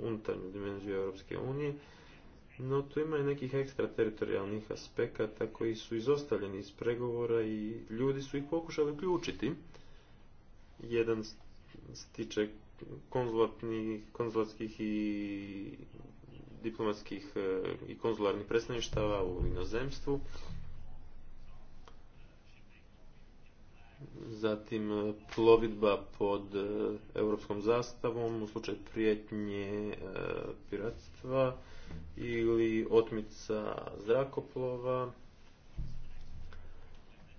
unutarnju dimenziju Europske unije, no tu ima i nekih teritorijalnih aspekata koji su izostavljeni iz pregovora i ljudi su ih pokušali uključiti. Jedan se tiče konzulatskih i diplomatskih e, i konzularnih predstavništava u inozemstvu, zatim e, plovidba pod e, europskom zastavom u slučaju prijetnje e, piratstva ili otmica zrakoplova.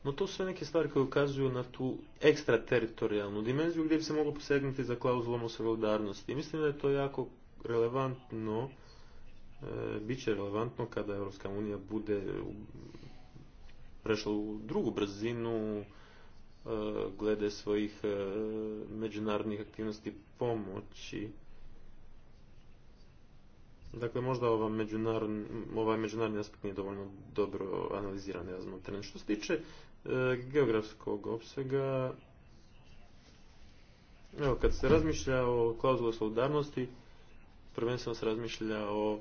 No to su sve neke stvari koje ukazuju na tu ekstrateritorijalnu dimenziju gdje bi se moglo posegnuti za klauzulom o solidarnosti. Mislim da je to jako relevantno, bit će relevantno kada EU unija bude prešla u drugu brzinu E, glede svojih e, međunarodnih aktivnosti pomoći. Dakle, možda ova ovaj međunarodni aspekt nije dovoljno dobro analiziran i razmotren. Što se tiče e, geografskog opsega, evo, kad se razmišlja o klauzulu solidarnosti, prvenstveno se razmišlja o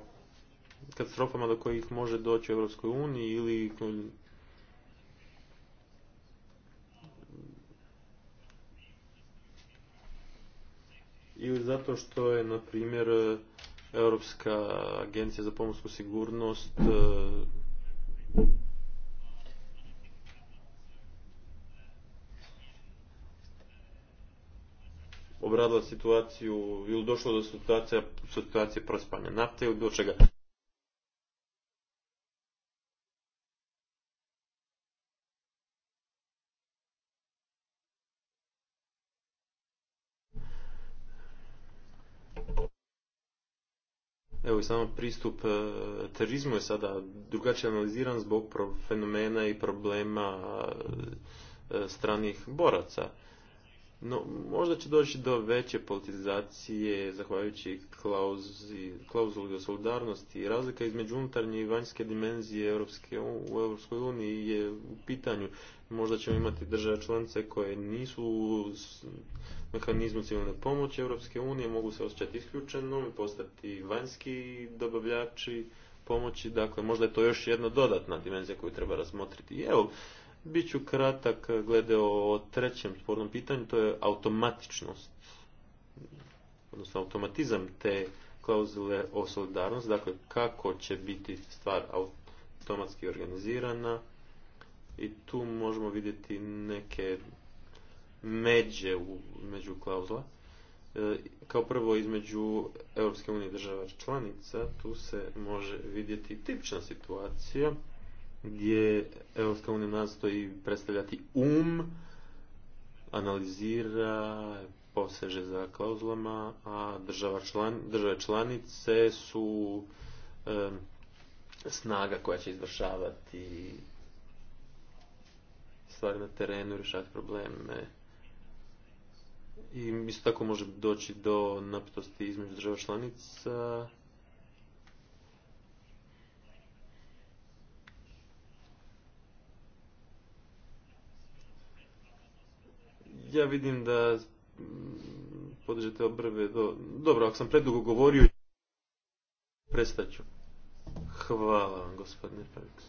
katastrofama do kojih može doći u Europskoj uniji ili ili zato što je, na primjer, Europska agencija za pomorsku sigurnost e, obradila situaciju ili došlo do situacija, situacije prospanja nafte ili do čega. Evo i samo pristup e, terorizmu je sada drugačije analiziran zbog fenomena i problema e, stranih boraca. No, možda će doći do veće politizacije zahvaljujući klauzuli o solidarnosti. Razlika između unutarnje i vanjske dimenzije Europske, u EU je u pitanju. Možda ćemo imati države članice koje nisu mehanizmu civilne pomoći Europske unije mogu se osjećati isključeno i postati vanjski dobavljači pomoći. Dakle, možda je to još jedna dodatna dimenzija koju treba razmotriti. I evo, bit ću kratak glede o trećem spornom pitanju, to je automatičnost, odnosno automatizam te klauzule o solidarnosti, dakle kako će biti stvar automatski organizirana i tu možemo vidjeti neke međe u, među klauzula. E, kao prvo između Europske unije država članica tu se može vidjeti tipična situacija gdje Europska unija nastoji predstavljati um, analizira, poseže za klauzulama, a država član, države članice su e, snaga koja će izvršavati stvari na terenu, rješavati probleme i mislim, tako može doći do napetosti između država članica. Ja vidim da mm, podižete obrve do... Dobro, ako sam predugo govorio, prestaću. Hvala vam, gospodine Parks.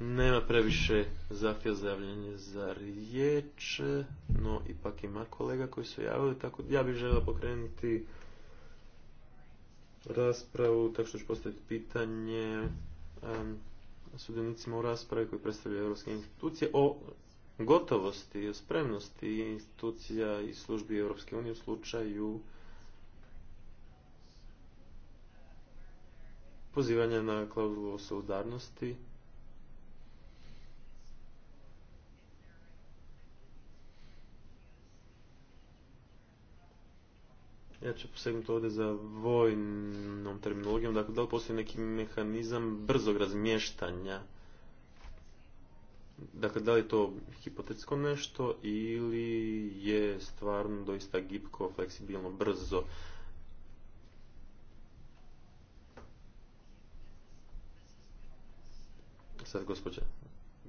Nema previše zahtjeva za javljanje za riječ, no ipak ima kolega koji su javili, tako ja bih želio pokrenuti raspravu, tako što ću postaviti pitanje um, sudionicima u raspravi koji predstavljaju europske institucije o gotovosti, i spremnosti institucija i službi Europske unije u slučaju pozivanja na klauzulu solidarnosti Ja ću posegnuti ovdje za vojnom terminologijom, dakle da li postoji neki mehanizam brzog razmještanja? Dakle, da li je to hipotetsko nešto ili je stvarno doista gipko, fleksibilno, brzo? Sad gospođa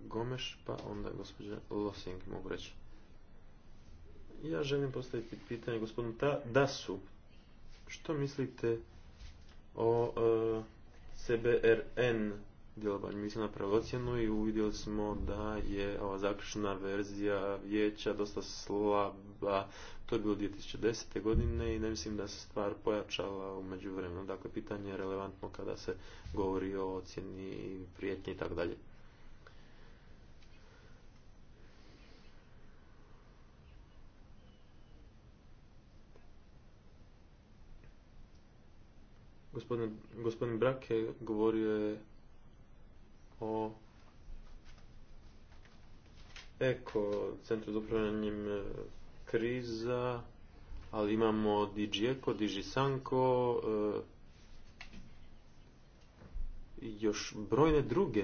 Gomeš, pa onda gospođa Losing, mogu reći. Ja želim postaviti pitanje gospodinu Ta, Dasu. Što mislite o e, CBRN djelovanju? Mi smo napravili ocjenu i uvidjeli smo da je ova zaključna verzija vijeća dosta slaba. To je bilo 2010. godine i ne mislim da se stvar pojačala u međuvremenu. Dakle, pitanje je relevantno kada se govori o ocjeni prijetnje i tako dalje. Gospodin, gospodin Brake govorio je o Eko, centru za upravljanje e, kriza, ali imamo Digi Eko, Digi Sanko, e, još brojne druge.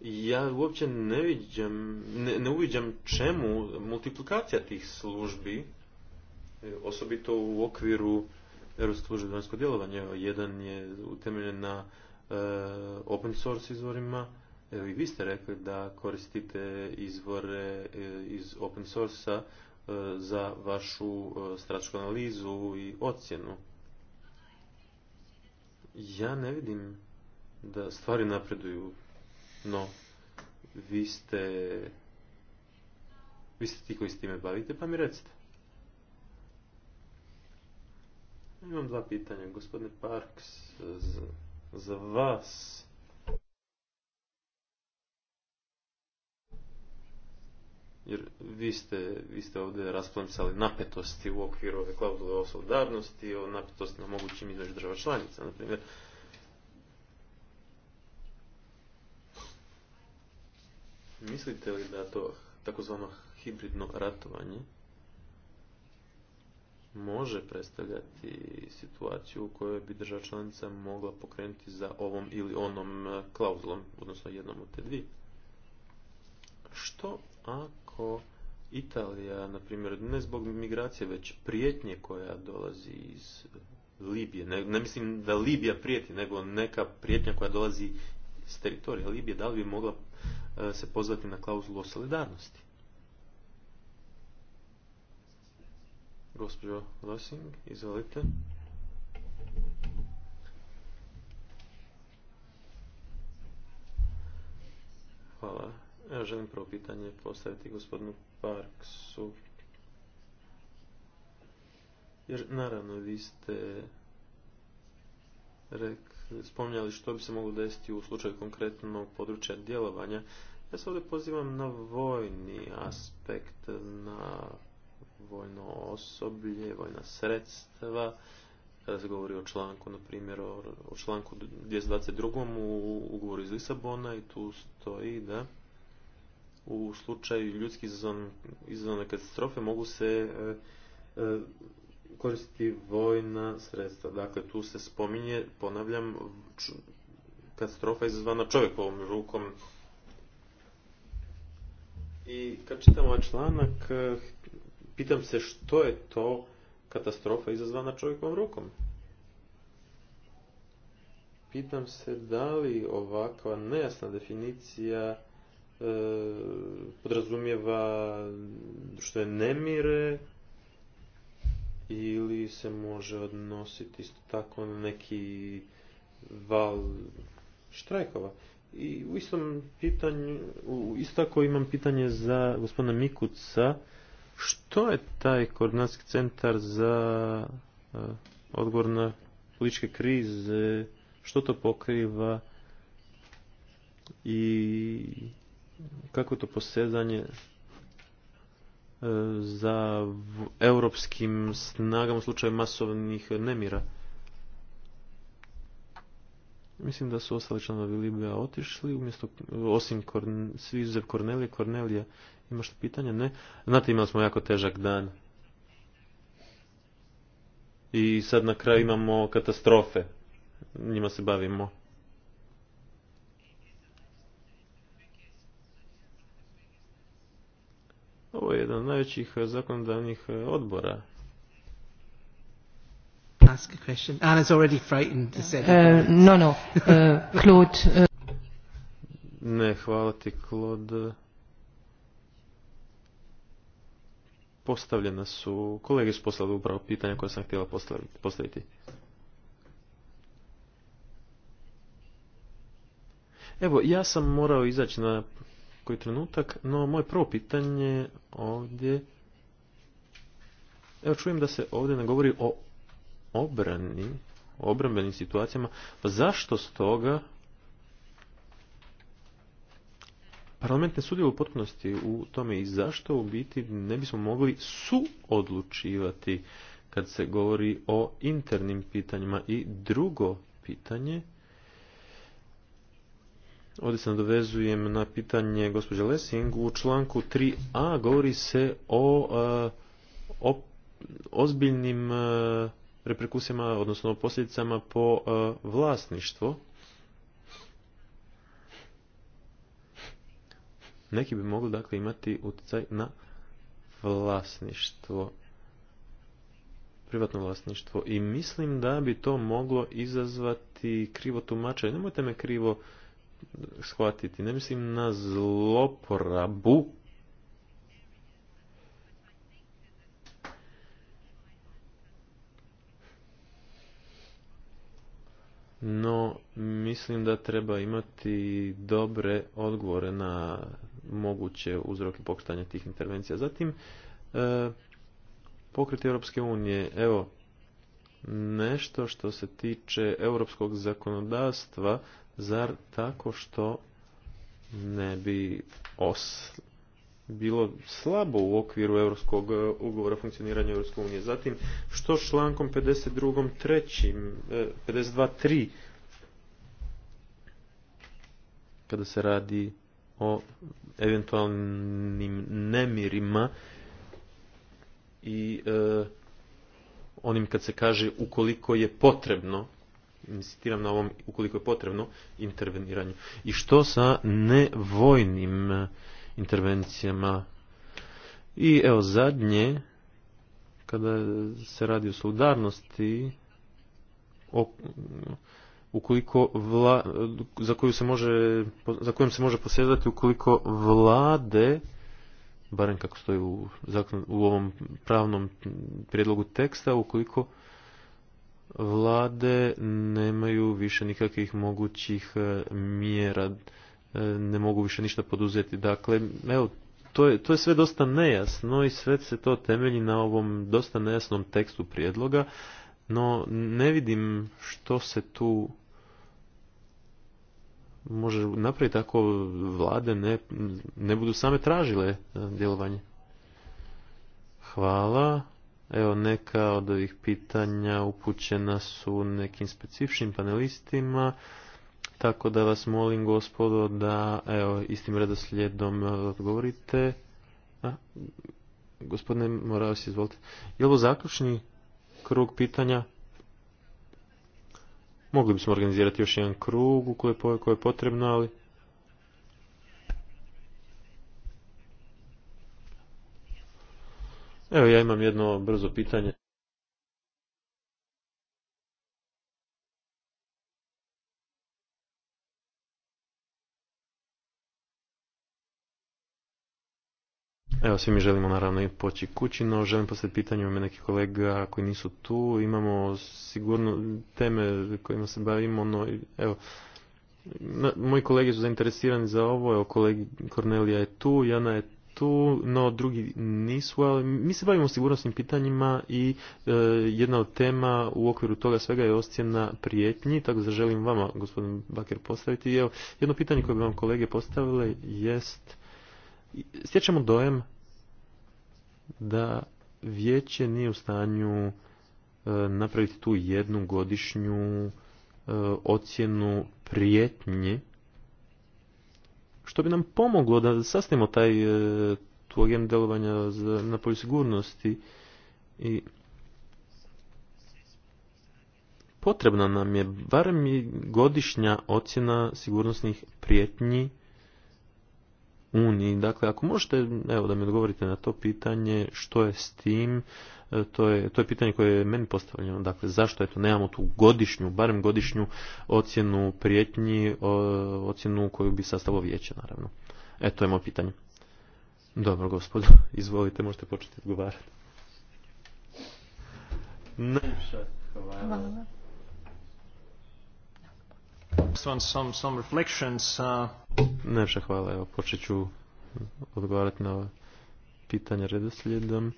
Ja uopće ne vidim ne, ne uviđam čemu multiplikacija tih službi E, osobito u okviru Europske službe vanjsko Jedan je utemeljen na e, open source izvorima. Evo i vi ste rekli da koristite izvore e, iz open source za vašu stratešku analizu i ocjenu. Ja ne vidim da stvari napreduju, no vi ste, vi ste ti koji s time bavite, pa mi recite. Imam dva pitanja. Gospodine Parks, za vas jer vi ste, vi ste ovdje rasplamsali napetosti u okviru ove klauzule o solidarnosti, o napetosti na mogućim između država članica, na primjer. Mislite li da to takozvano hibridno ratovanje može predstavljati situaciju u kojoj bi država članica mogla pokrenuti za ovom ili onom e, klauzulom, odnosno jednom od te dvije. Što ako Italija, na primjer, ne zbog migracije, već prijetnje koja dolazi iz Libije, ne, mislim da Libija prijeti, nego neka prijetnja koja dolazi s teritorija Libije, da li bi mogla e, se pozvati na klauzulu o solidarnosti? Gospođo Losing, izvolite. Hvala. Ja želim prvo pitanje postaviti gospodinu Parksu. Jer naravno vi ste spomnjali što bi se moglo desiti u slučaju konkretnog područja djelovanja. Ja se ovdje pozivam na vojni aspekt, na vojno osoblje, vojna sredstva, kada se govori o članku, na primjer o, članku 222. u ugovoru iz Lisabona i tu stoji da u slučaju ljudskih izazovne katastrofe mogu se e, e, koristiti vojna sredstva. Dakle, tu se spominje, ponavljam, katastrofa izazvana čovjekovom rukom. I kad čitamo ovaj članak, pitam se što je to katastrofa izazvana čovjekom rukom. Pitam se da li ovakva nejasna definicija e, podrazumijeva što je nemire ili se može odnositi isto tako na neki val štrajkova. I u istom pitanju, isto tako imam pitanje za gospodina Mikuca što je taj koordinatski centar za e, odgovor na političke krize, što to pokriva i kako je to posezanje e, za europskim snagama u slučaju masovnih nemira. Mislim da su ostali članovi Libija otišli, umjesto, osim svi izuzev Kornelije, Kornelija Imaš li pitanja? Ne. Znate, imali smo jako težak dan. I sad na kraju imamo katastrofe. Njima se bavimo. Ovo je jedan od najvećih zakonodavnih odbora. Ne, hvala ti, Claude. postavljena su, kolege su postavili upravo pitanja koja sam htjela postaviti. Evo, ja sam morao izaći na koji trenutak, no moje prvo pitanje ovdje... Evo, čujem da se ovdje ne govori o obrani, o obrambenim situacijama. Pa zašto stoga parlament ne sudjeluje u potpunosti u tome i zašto u biti ne bismo mogli suodlučivati kad se govori o internim pitanjima. I drugo pitanje, ovdje se nadovezujem na pitanje gospođe lesing u članku 3a govori se o, o ozbiljnim reperkusijama, odnosno posljedicama po vlasništvo Neki bi mogli dakle imati utjecaj na vlasništvo, privatno vlasništvo i mislim da bi to moglo izazvati krivo tumačenje. Nemojte me krivo shvatiti, ne mislim na zloporabu no mislim da treba imati dobre odgovore na moguće uzroke pokretanja tih intervencija. Zatim, e, pokret Europske unije, evo, nešto što se tiče europskog zakonodavstva, zar tako što ne bi os bilo slabo u okviru Europskog e, ugovora funkcioniranja Europske unije. Zatim, što člankom 52. 3, 52. kada se radi o eventualnim nemirima i e, onim kad se kaže ukoliko je potrebno, insistiram na ovom ukoliko je potrebno interveniranju. I što sa nevojnim intervencijama? I evo zadnje, kada se radi o solidarnosti, o, ukoliko za, koju se može, za kojom se može posjedati ukoliko vlade barem kako stoji u, u ovom pravnom prijedlogu teksta, ukoliko vlade nemaju više nikakvih mogućih e, mjera, e, ne mogu više ništa poduzeti. Dakle, evo, to je, to je sve dosta nejasno i sve se to temelji na ovom dosta nejasnom tekstu prijedloga, no ne vidim što se tu može napraviti ako vlade ne, ne budu same tražile e, djelovanje? Hvala. Evo neka od ovih pitanja upućena su nekim specifičnim panelistima, tako da vas molim gospodo da evo istim redoslijedom e, odgovorite. A, gospodine Moravis, izvolite. Je li zaključni krug pitanja? Mogli bismo organizirati još jedan krug u koje, je potrebno, ali... Evo ja imam jedno brzo pitanje. Evo, svi mi želimo naravno i poći kući, no želim postaviti pitanje u nekih kolega koji nisu tu. Imamo sigurno teme kojima se bavimo, no evo, moji kolege su zainteresirani za ovo, evo kolegi Kornelija je tu, Jana je tu, no drugi nisu, ali mi se bavimo sigurnosnim pitanjima i e, jedna od tema u okviru toga svega je ocjena prijetnji, tako da želim vama, gospodin Baker, postaviti. evo, jedno pitanje koje bi vam kolege postavile jest, stječemo dojem da vijeće nije u stanju e, napraviti tu jednu godišnju e, ocjenu prijetnje, što bi nam pomoglo da sastavimo taj e, tu agendu delovanja na polju sigurnosti i potrebna nam je barem godišnja ocjena sigurnosnih prijetnji uniji. Dakle, ako možete, evo da mi odgovorite na to pitanje, što je s tim, e, to je, to je pitanje koje je meni postavljeno. Dakle, zašto eto, nemamo tu godišnju, barem godišnju ocjenu prijetnji, ocjenu koju bi sastavo vijeće, naravno. E, to je moje pitanje. Dobro, gospodo, izvolite, možete početi odgovarati. Ne. Some, some reflections, uh, hvala, evo počet ću odgovarati na pitanja redoslijedom.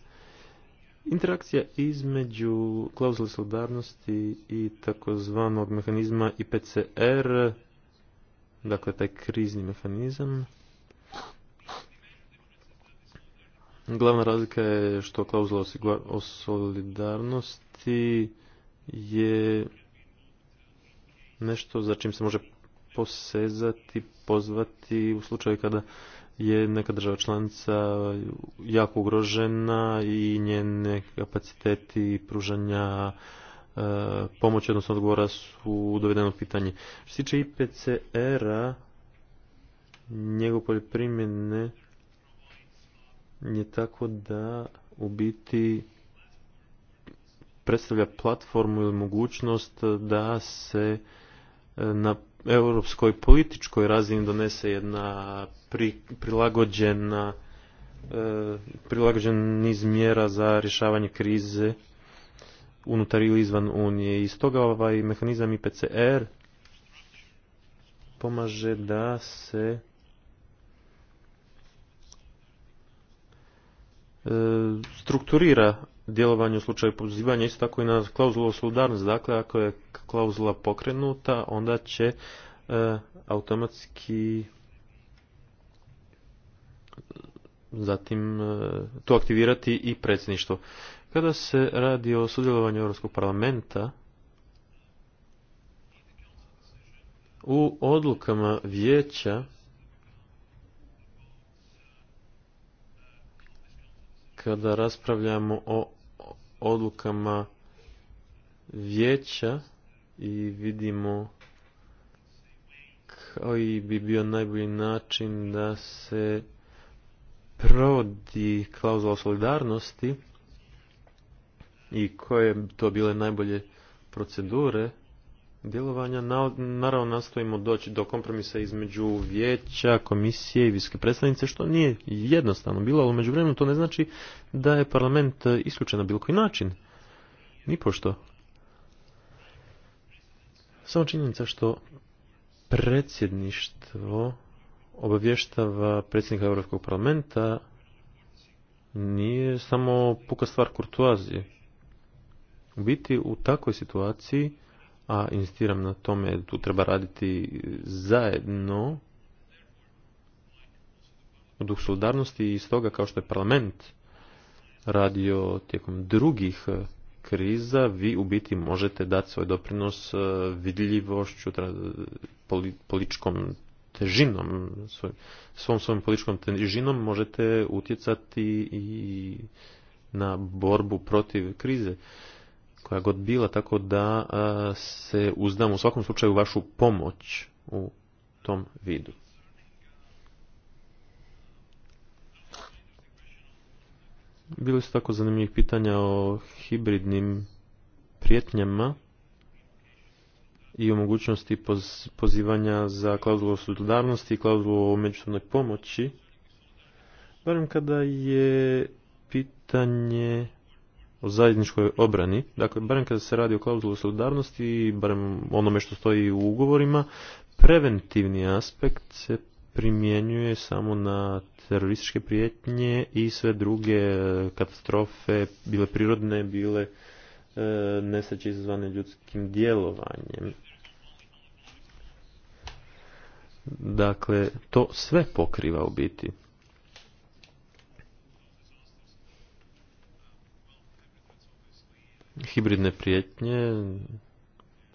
Interakcija između klauzule solidarnosti i takozvanog mehanizma IPCR, dakle taj krizni mehanizam. Glavna razlika je što klauzula o solidarnosti je nešto za čim se može posezati, pozvati u slučaju kada je neka država članica jako ugrožena i njene kapaciteti pružanja e, pomoći, odnosno odgovora su dovedeno pitanje. Što se tiče IPCR-a, njegov poljoprimjene je tako da u biti predstavlja platformu ili mogućnost da se E, na europskoj političkoj razini donese jedna pri, prilagođena e, prilagođen niz mjera za rješavanje krize unutar ili izvan Unije. I stoga ovaj mehanizam IPCR pomaže da se e, strukturira djelovanju u slučaju pozivanja, isto tako i na klauzulu solidarnost. Dakle, ako je klauzula pokrenuta, onda će e, automatski zatim e, to aktivirati i predsjedništvo. Kada se radi o sudjelovanju Europskog parlamenta, u odlukama vijeća kada raspravljamo o odlukama vijeća i vidimo koji bi bio najbolji način da se provodi klauzula solidarnosti i koje bi to bile najbolje procedure djelovanja. Naravno nastojimo doći do kompromisa između vijeća, komisije i viske predstavnice, što nije jednostavno bilo, ali među vremenu to ne znači da je parlament isključen na bilo koji način. Nipošto. Samo činjenica što predsjedništvo obavještava predsjednika Europskog parlamenta nije samo puka stvar kurtuazije. U biti u takvoj situaciji a insistiram na tome, tu treba raditi zajedno u duh solidarnosti i stoga kao što je parlament radio tijekom drugih e, kriza, vi u biti možete dati svoj doprinos e, vidljivošću, političkom težinom, svom svojom političkom težinom možete utjecati i na borbu protiv krize koja god bila, tako da se uzdam u svakom slučaju vašu pomoć u tom vidu. Bilo su tako zanimljivih pitanja o hibridnim prijetnjama i o mogućnosti pozivanja za klauzulu o solidarnosti i klauzulu o međusobnoj pomoći. Barem kada je pitanje o zajedničkoj obrani, dakle barem kada se radi o klauzulu solidarnosti i barem onome što stoji u ugovorima, preventivni aspekt se primjenjuje samo na terorističke prijetnje i sve druge e, katastrofe, bile prirodne, bile e, nesreće izazvane ljudskim djelovanjem. Dakle, to sve pokriva u biti. hibridne prijetnje,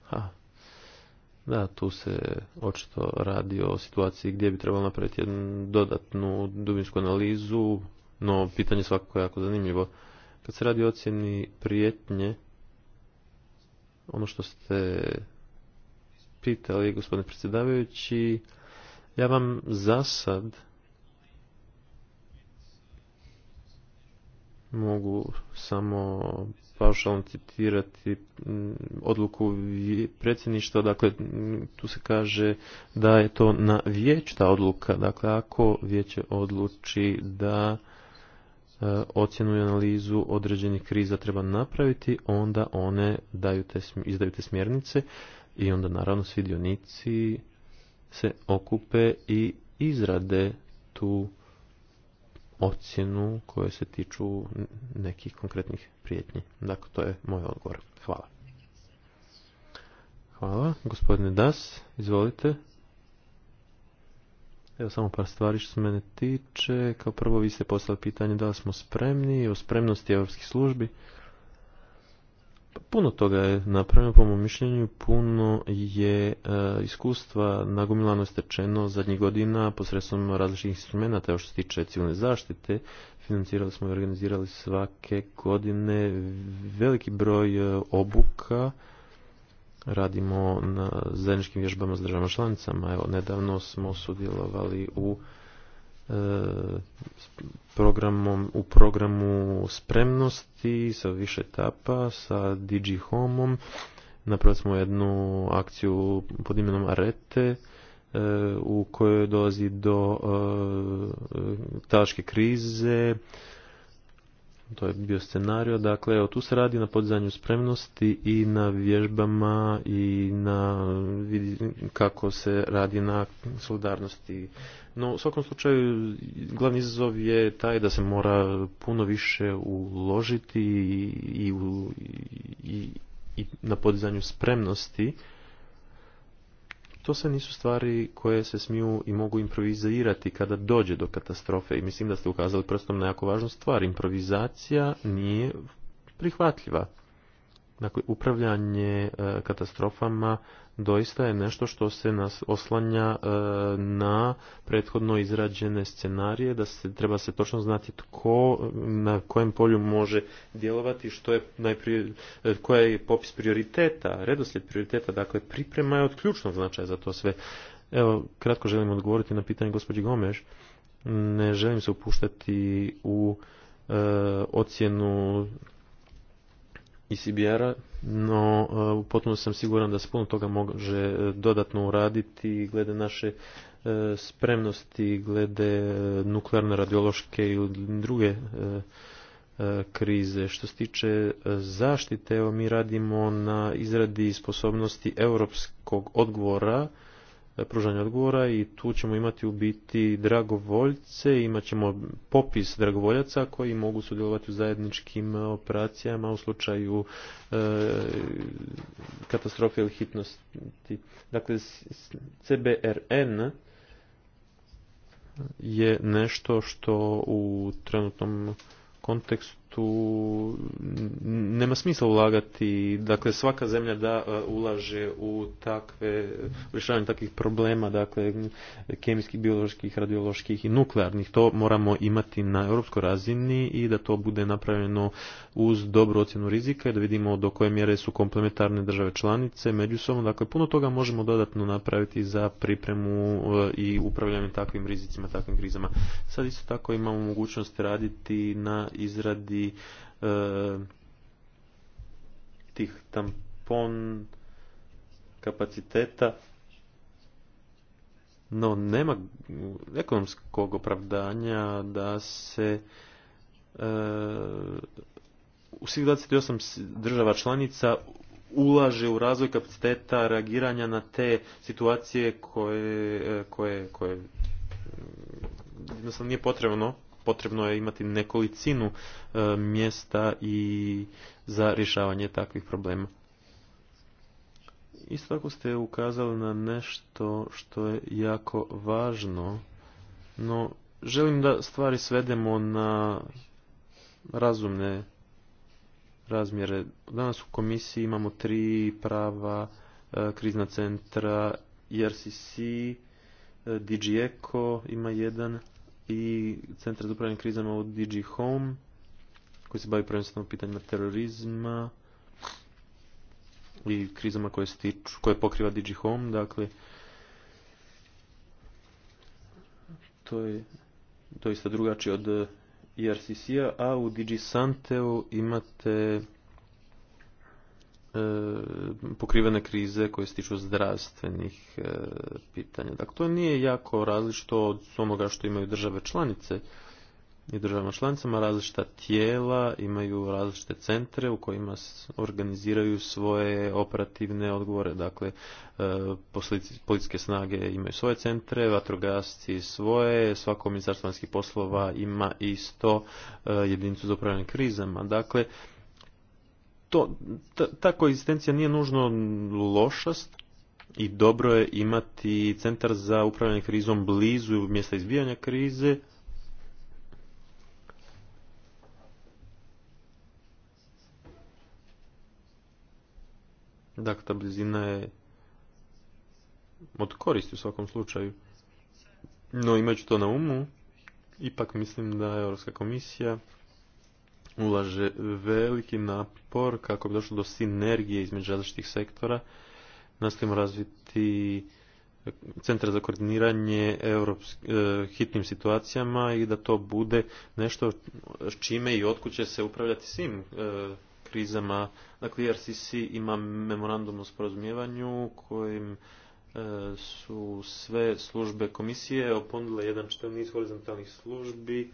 ha, da, tu se očito radi o situaciji gdje bi trebalo napraviti jednu dodatnu dubinsku analizu, no pitanje svakako je jako zanimljivo. Kad se radi o ocjeni prijetnje, ono što ste pitali, gospodine predsjedavajući, ja vam za sad mogu samo paušalno citirati mm, odluku predsjedništva, dakle mm, tu se kaže da je to na vijeć ta odluka, dakle ako vijeće odluči da e, ocjenu i analizu određenih kriza treba napraviti, onda one daju te, izdaju te smjernice i onda naravno svi dionici se okupe i izrade tu ocjenu koje se tiču nekih konkretnih prijetnji. Dakle, to je moj odgovor. Hvala. Hvala. Gospodine Das, izvolite. Evo samo par stvari što se mene tiče. Kao prvo vi ste postavili pitanje da li smo spremni o spremnosti europskih službi. Puno toga je napravljeno, po mom mišljenju, puno je e, iskustva nagomilano stečeno zadnjih godina posredstvom različitih instrumenta, što se tiče civilne zaštite. Financirali smo i organizirali svake godine veliki broj e, obuka. Radimo na zajedničkim vježbama s državama članicama. Evo, nedavno smo sudjelovali u E, programom, u programu spremnosti sa više etapa, sa Digi Homom. Napravili smo jednu akciju pod imenom Arete e, u kojoj dolazi do e, taške krize, to je bio scenario. Dakle, evo, tu se radi na podizanju spremnosti i na vježbama i na kako se radi na solidarnosti. No, u svakom slučaju, glavni izazov je taj da se mora puno više uložiti i, i, i na podizanju spremnosti to sve nisu stvari koje se smiju i mogu improvizirati kada dođe do katastrofe i mislim da ste ukazali prstom na jako važnu stvar. Improvizacija nije prihvatljiva. Dakle, upravljanje e, katastrofama doista je nešto što se nas oslanja e, na prethodno izrađene scenarije, da se treba se točno znati tko na kojem polju može djelovati, što je najprije, e, koja je popis prioriteta, redoslijed prioriteta, dakle priprema je od ključnog značaja za to sve. Evo, kratko želim odgovoriti na pitanje gospođi Gomeš. Ne želim se upuštati u ocjenu i e no e, u potpuno sam siguran da se puno toga može e, dodatno uraditi glede naše spremnosti, glede nuklearne, radiološke i druge krize. Što se tiče zaštite, evo mi radimo na izradi sposobnosti europskog odgovora E, pružanja odgovora i tu ćemo imati u biti dragovoljce, imat ćemo popis dragovoljaca koji mogu sudjelovati u zajedničkim operacijama u slučaju e, katastrofe ili hitnosti. Dakle, CBRN je nešto što u trenutnom kontekstu tu nema smisla ulagati, dakle svaka zemlja da e, ulaže u takve, rješavanje takvih problema, dakle kemijskih, bioloških, radioloških i nuklearnih, to moramo imati na europskoj razini i da to bude napravljeno uz dobru ocjenu rizika i da vidimo do koje mjere su komplementarne države članice međusobno, dakle puno toga možemo dodatno napraviti za pripremu e, i upravljanje takvim rizicima, takvim krizama. Sad isto tako imamo mogućnost raditi na izradi e, tih tampon kapaciteta no nema ekonomskog opravdanja da se e, u svih 28 država članica ulaže u razvoj kapaciteta reagiranja na te situacije koje, e, koje, koje jednostavno nije potrebno potrebno je imati nekolicinu e, mjesta i za rješavanje takvih problema. Isto tako ste ukazali na nešto što je jako važno, no želim da stvari svedemo na razumne razmjere. Danas u komisiji imamo tri prava e, krizna centra, ERCC, e, e ima jedan i Centar za upravljanje krizama u DG Home koji se bavi prvenstveno pitanjima terorizma i krizama koje, koje pokriva DG Home. Dakle, to je doista drugačije od IRCC-a, eh, e a u DG Santeu imate E, pokrivene krize koje se tiču zdravstvenih e, pitanja. Dakle, to nije jako različito od onoga što imaju države članice i državama članicama različita tijela, imaju različite centre u kojima organiziraju svoje operativne odgovore. Dakle, e, policijske snage imaju svoje centre, vatrogasci svoje, svako ministarstvo vanjskih poslova ima isto jedinicu za upravljanje krizama. Dakle, to, ta, ta koegzistencija nije nužno lošast i dobro je imati centar za upravljanje krizom blizu mjesta izbijanja krize. Dakle, ta blizina je od koristi u svakom slučaju. No, imajući to na umu, ipak mislim da je Europska komisija ulaže veliki napor kako bi došlo do sinergije između različitih sektora. Nastavimo razviti e, centar za koordiniranje e, hitnim situacijama i da to bude nešto s čime i otkud će se upravljati svim e, krizama. Dakle, RCC ima memorandum o sporazumijevanju kojim su sve službe komisije opondile jedan čitav niz horizontalnih službi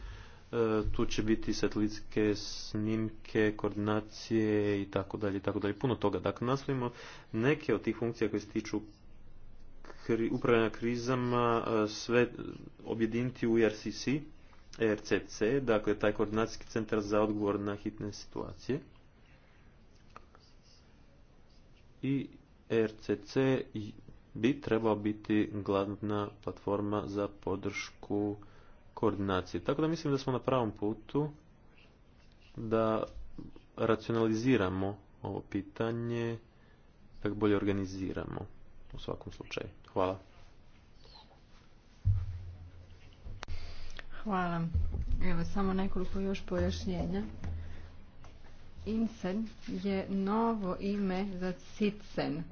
E, tu će biti satelitske snimke, koordinacije i tako dalje i tako dalje. Puno toga. Dakle, nastavimo neke od tih funkcija koje se tiču upravljanja krizama e, sve objediniti u ERCC, ERCC, dakle taj koordinacijski centar za odgovor na hitne situacije. I ERCC bi trebao biti glavna platforma za podršku koordinacije Tako da mislim da smo na pravom putu da racionaliziramo ovo pitanje, da bolje organiziramo u svakom slučaju. Hvala. Hvala. Evo samo nekoliko još pojašnjenja. Insen je novo ime za Cicen.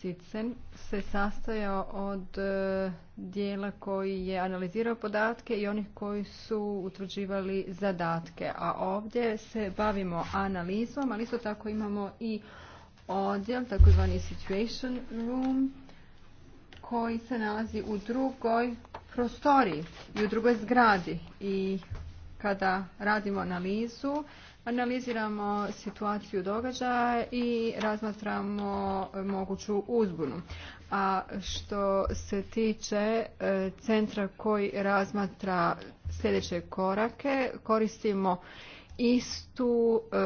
Sitsen se sastojao od e, dijela koji je analizirao podatke i onih koji su utvrđivali zadatke. A ovdje se bavimo analizom, ali isto tako imamo i odjel, takozvani situation room, koji se nalazi u drugoj prostoriji i u drugoj zgradi. I kada radimo analizu, analiziramo situaciju događaja i razmatramo moguću uzbunu. A što se tiče e, centra koji razmatra sljedeće korake, koristimo istu, e,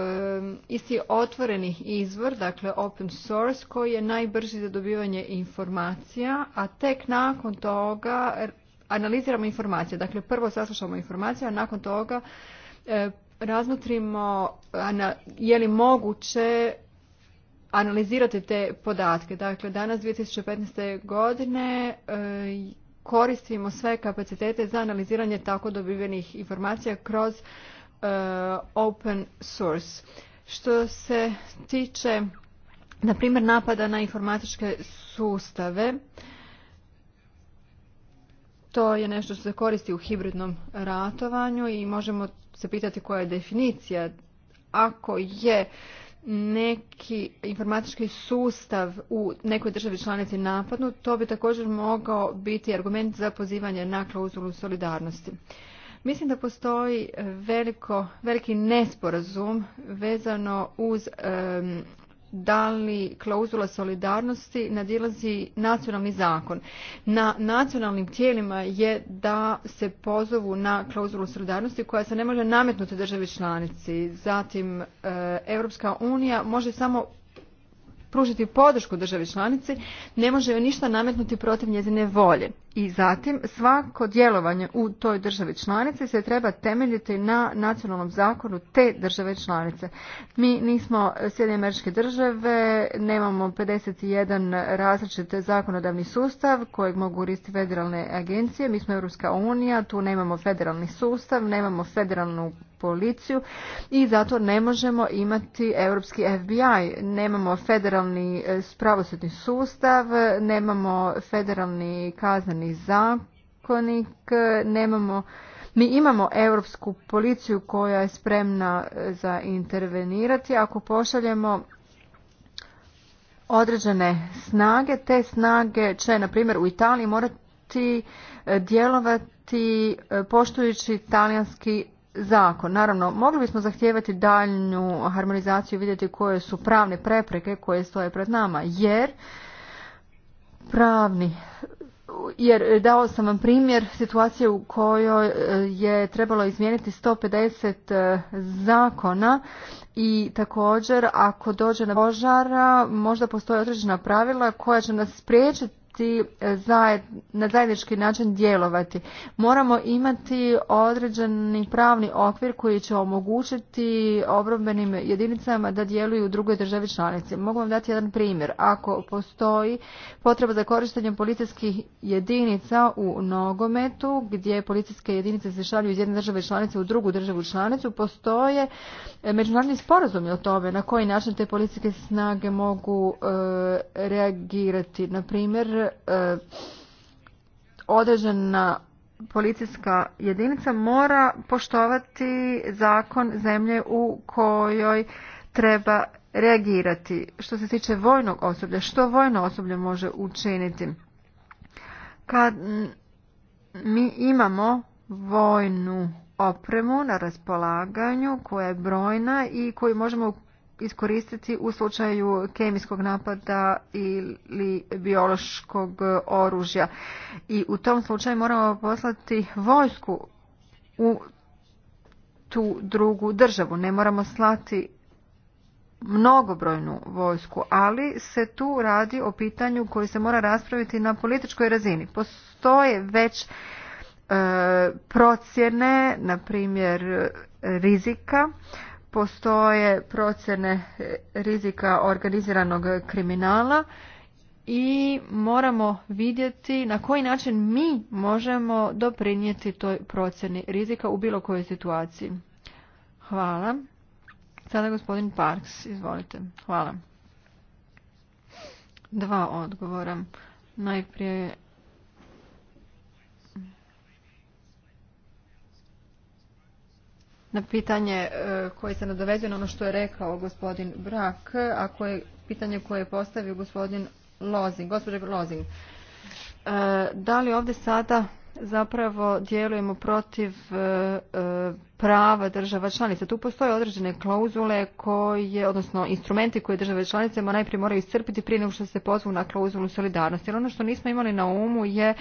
isti otvoreni izvor, dakle open source, koji je najbrži za dobivanje informacija, a tek nakon toga analiziramo informacije. Dakle, prvo saslušamo informacije, a nakon toga e, razmotrimo je li moguće analizirati te podatke. Dakle, danas 2015. godine e, koristimo sve kapacitete za analiziranje tako dobivenih informacija kroz e, open source. Što se tiče, na primjer, napada na informatičke sustave, to je nešto što se koristi u hibridnom ratovanju i možemo se pitati koja je definicija. Ako je neki informatički sustav u nekoj državi članici napadnu, to bi također mogao biti argument za pozivanje na klauzulu solidarnosti. Mislim da postoji veliko, veliki nesporazum vezano uz da li klauzula solidarnosti nadilazi nacionalni zakon. Na nacionalnim tijelima je da se pozovu na klauzulu solidarnosti koja se ne može nametnuti državi članici. Zatim, e, Europska unija može samo pružiti podršku državi članici, ne može joj ništa nametnuti protiv njezine volje. I zatim svako djelovanje u toj državi članice se treba temeljiti na nacionalnom zakonu te države članice. Mi nismo Sjedinje američke države, nemamo 51 različite zakonodavni sustav kojeg mogu koristiti federalne agencije. Mi smo Europska unija, tu nemamo federalni sustav, nemamo federalnu policiju i zato ne možemo imati europski FBI, nemamo federalni eh, pravosudni sustav, nemamo federalni kazneni kazneni zakonik, nemamo mi imamo europsku policiju koja je spremna e, za intervenirati ako pošaljemo određene snage te snage će na primjer u Italiji morati e, djelovati e, poštujući talijanski zakon. Naravno, mogli bismo zahtijevati daljnju harmonizaciju vidjeti koje su pravne prepreke koje stoje pred nama, jer pravni jer e, dao sam vam primjer situacije u kojoj e, je trebalo izmijeniti 150 e, zakona i također ako dođe na požara možda postoje određena pravila koja će nas spriječiti E, na zajednički način djelovati. Moramo imati određeni pravni okvir koji će omogućiti obrobenim jedinicama da djeluju u drugoj državi članici. Mogu vam dati jedan primjer. Ako postoji potreba za korištenjem policijskih jedinica u nogometu, gdje policijske jedinice se šalju iz jedne države članice u drugu državu članicu, postoje e, međunarodni sporazumi o tome na koji način te policijske snage mogu e, reagirati. Na primjer, E, određena policijska jedinica mora poštovati zakon zemlje u kojoj treba reagirati. Što se tiče vojnog osoblja, što vojno osoblje može učiniti? Kad mi imamo vojnu opremu na raspolaganju koja je brojna i koju možemo iskoristiti u slučaju kemijskog napada ili biološkog oružja. I u tom slučaju moramo poslati vojsku u tu drugu državu. Ne moramo slati mnogobrojnu vojsku, ali se tu radi o pitanju koji se mora raspraviti na političkoj razini. Postoje već e, procjene, na primjer, rizika postoje procjene rizika organiziranog kriminala i moramo vidjeti na koji način mi možemo doprinijeti toj procjeni rizika u bilo kojoj situaciji. Hvala. Sada gospodin Parks, izvolite. Hvala. Dva odgovora. Najprije na pitanje e, koje se nadovezuje na ono što je rekao gospodin Brak, a koje pitanje koje je postavio gospodin Lozing, gospođa Lozing. E, da li ovdje sada zapravo djelujemo protiv e, prava država članica. Tu postoje određene klauzule koje, odnosno instrumenti koje države članice najprije moraju iscrpiti prije nego što se pozvu na klauzulu solidarnosti. Jer ono što nismo imali na umu je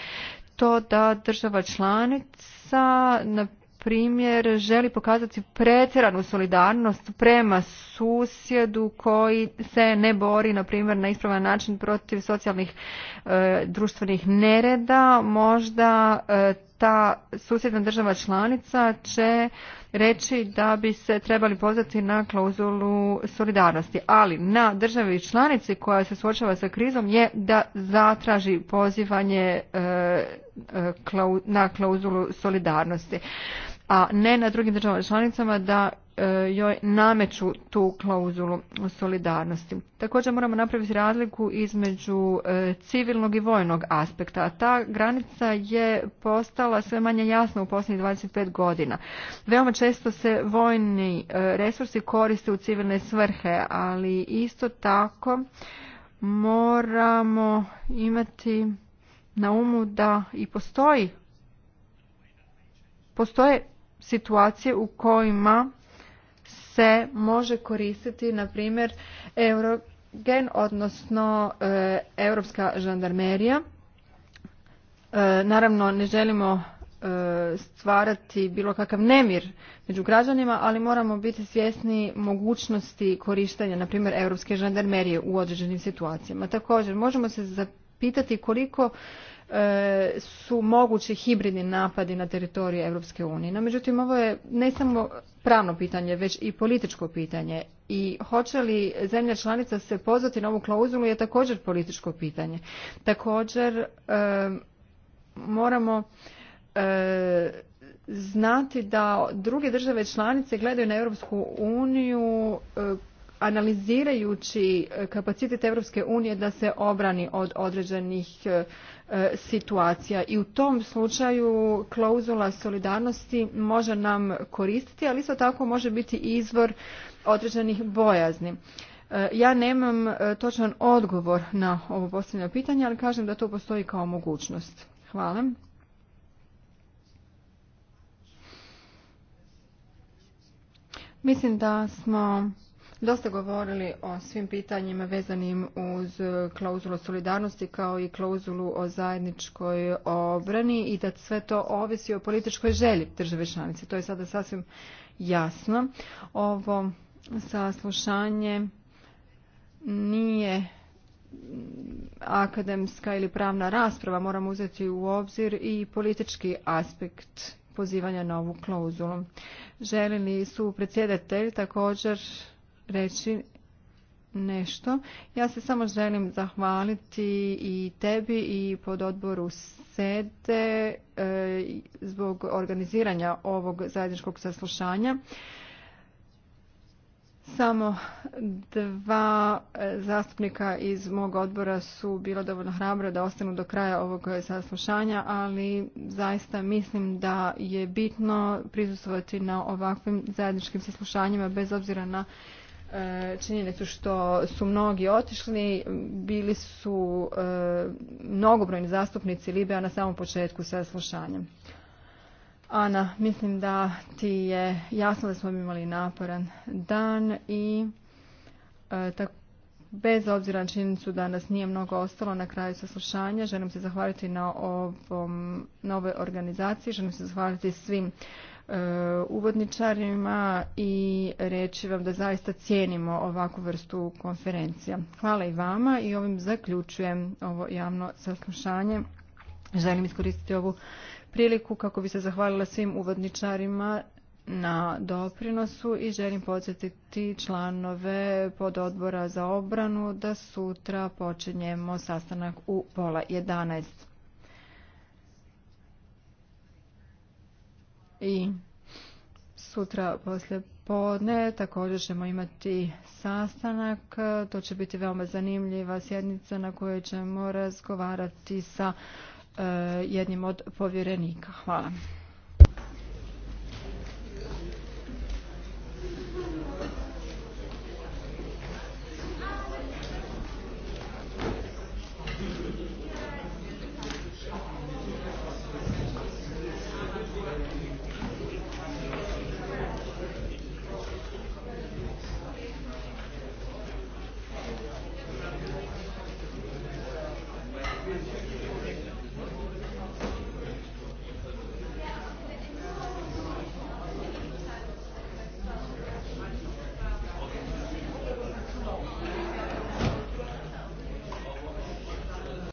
to da država članica na primjer želi pokazati pretjeranu solidarnost prema susjedu koji se ne bori na primjer na ispravan način protiv socijalnih e, društvenih nereda možda e, ta susjedna država članica će reći da bi se trebali pozvati na klauzulu solidarnosti. Ali na državi članici koja se suočava sa krizom je da zatraži pozivanje e, na klauzulu solidarnosti a ne na drugim državama članicama da e, joj nameću tu klauzulu solidarnosti. Također moramo napraviti razliku između e, civilnog i vojnog aspekta. Ta granica je postala sve manje jasna u posljednjih 25 godina. Veoma često se vojni e, resursi koriste u civilne svrhe, ali isto tako moramo imati na umu da i postoji postoje situacije u kojima se može koristiti na primjer eurogen odnosno e, europska žandarmerija e, naravno ne želimo e, stvarati bilo kakav nemir među građanima ali moramo biti svjesni mogućnosti korištenja na primjer europske žandarmerije u određenim situacijama također možemo se zapitati koliko su mogući hibridni napadi na teritoriju Europske unije. No, međutim, ovo je ne samo pravno pitanje, već i političko pitanje. I hoće li zemlja članica se pozvati na ovu klauzulu je također političko pitanje. Također, moramo znati da druge države članice gledaju na Europsku uniju analizirajući eh, kapacitet Europske unije da se obrani od određenih E, situacija i u tom slučaju klauzula solidarnosti može nam koristiti, ali isto tako može biti izvor određenih bojazni. E, ja nemam e, točan odgovor na ovo posljednje pitanje, ali kažem da to postoji kao mogućnost. Hvala. Mislim da smo Dosta govorili o svim pitanjima vezanim uz klauzulu solidarnosti kao i klauzulu o zajedničkoj obrani i da sve to ovisi o političkoj želji države članice. To je sada sasvim jasno. Ovo saslušanje nije akademska ili pravna rasprava, moramo uzeti u obzir i politički aspekt pozivanja na ovu klauzulu. Želi su predsjedatelj također reći nešto. Ja se samo želim zahvaliti i tebi i pod odboru SEDE e, zbog organiziranja ovog zajedničkog saslušanja. Samo dva e, zastupnika iz mog odbora su bilo dovoljno hrabro da ostanu do kraja ovog saslušanja, ali zaista mislim da je bitno prisustovati na ovakvim zajedničkim saslušanjima bez obzira na E, činjenicu što su mnogi otišli, bili su e, mnogobrojni zastupnici Libija na samom početku sa slušanjem. Ana, mislim da ti je jasno da smo imali naporan dan i e, tak bez obzira na činjenicu da nas nije mnogo ostalo na kraju saslušanja, želim se zahvaliti na ovom, nove organizaciji, želim se zahvaliti svim E, uvodničarima i reći vam da zaista cijenimo ovakvu vrstu konferencija. Hvala i vama i ovim zaključujem ovo javno saslušanje. Želim iskoristiti ovu priliku kako bi se zahvalila svim uvodničarima na doprinosu i želim podsjetiti članove pododbora za obranu da sutra počinjemo sastanak u pola 11. i sutra poslije podne također ćemo imati sastanak. To će biti veoma zanimljiva sjednica na kojoj ćemo razgovarati sa e, jednim od povjerenika. Hvala.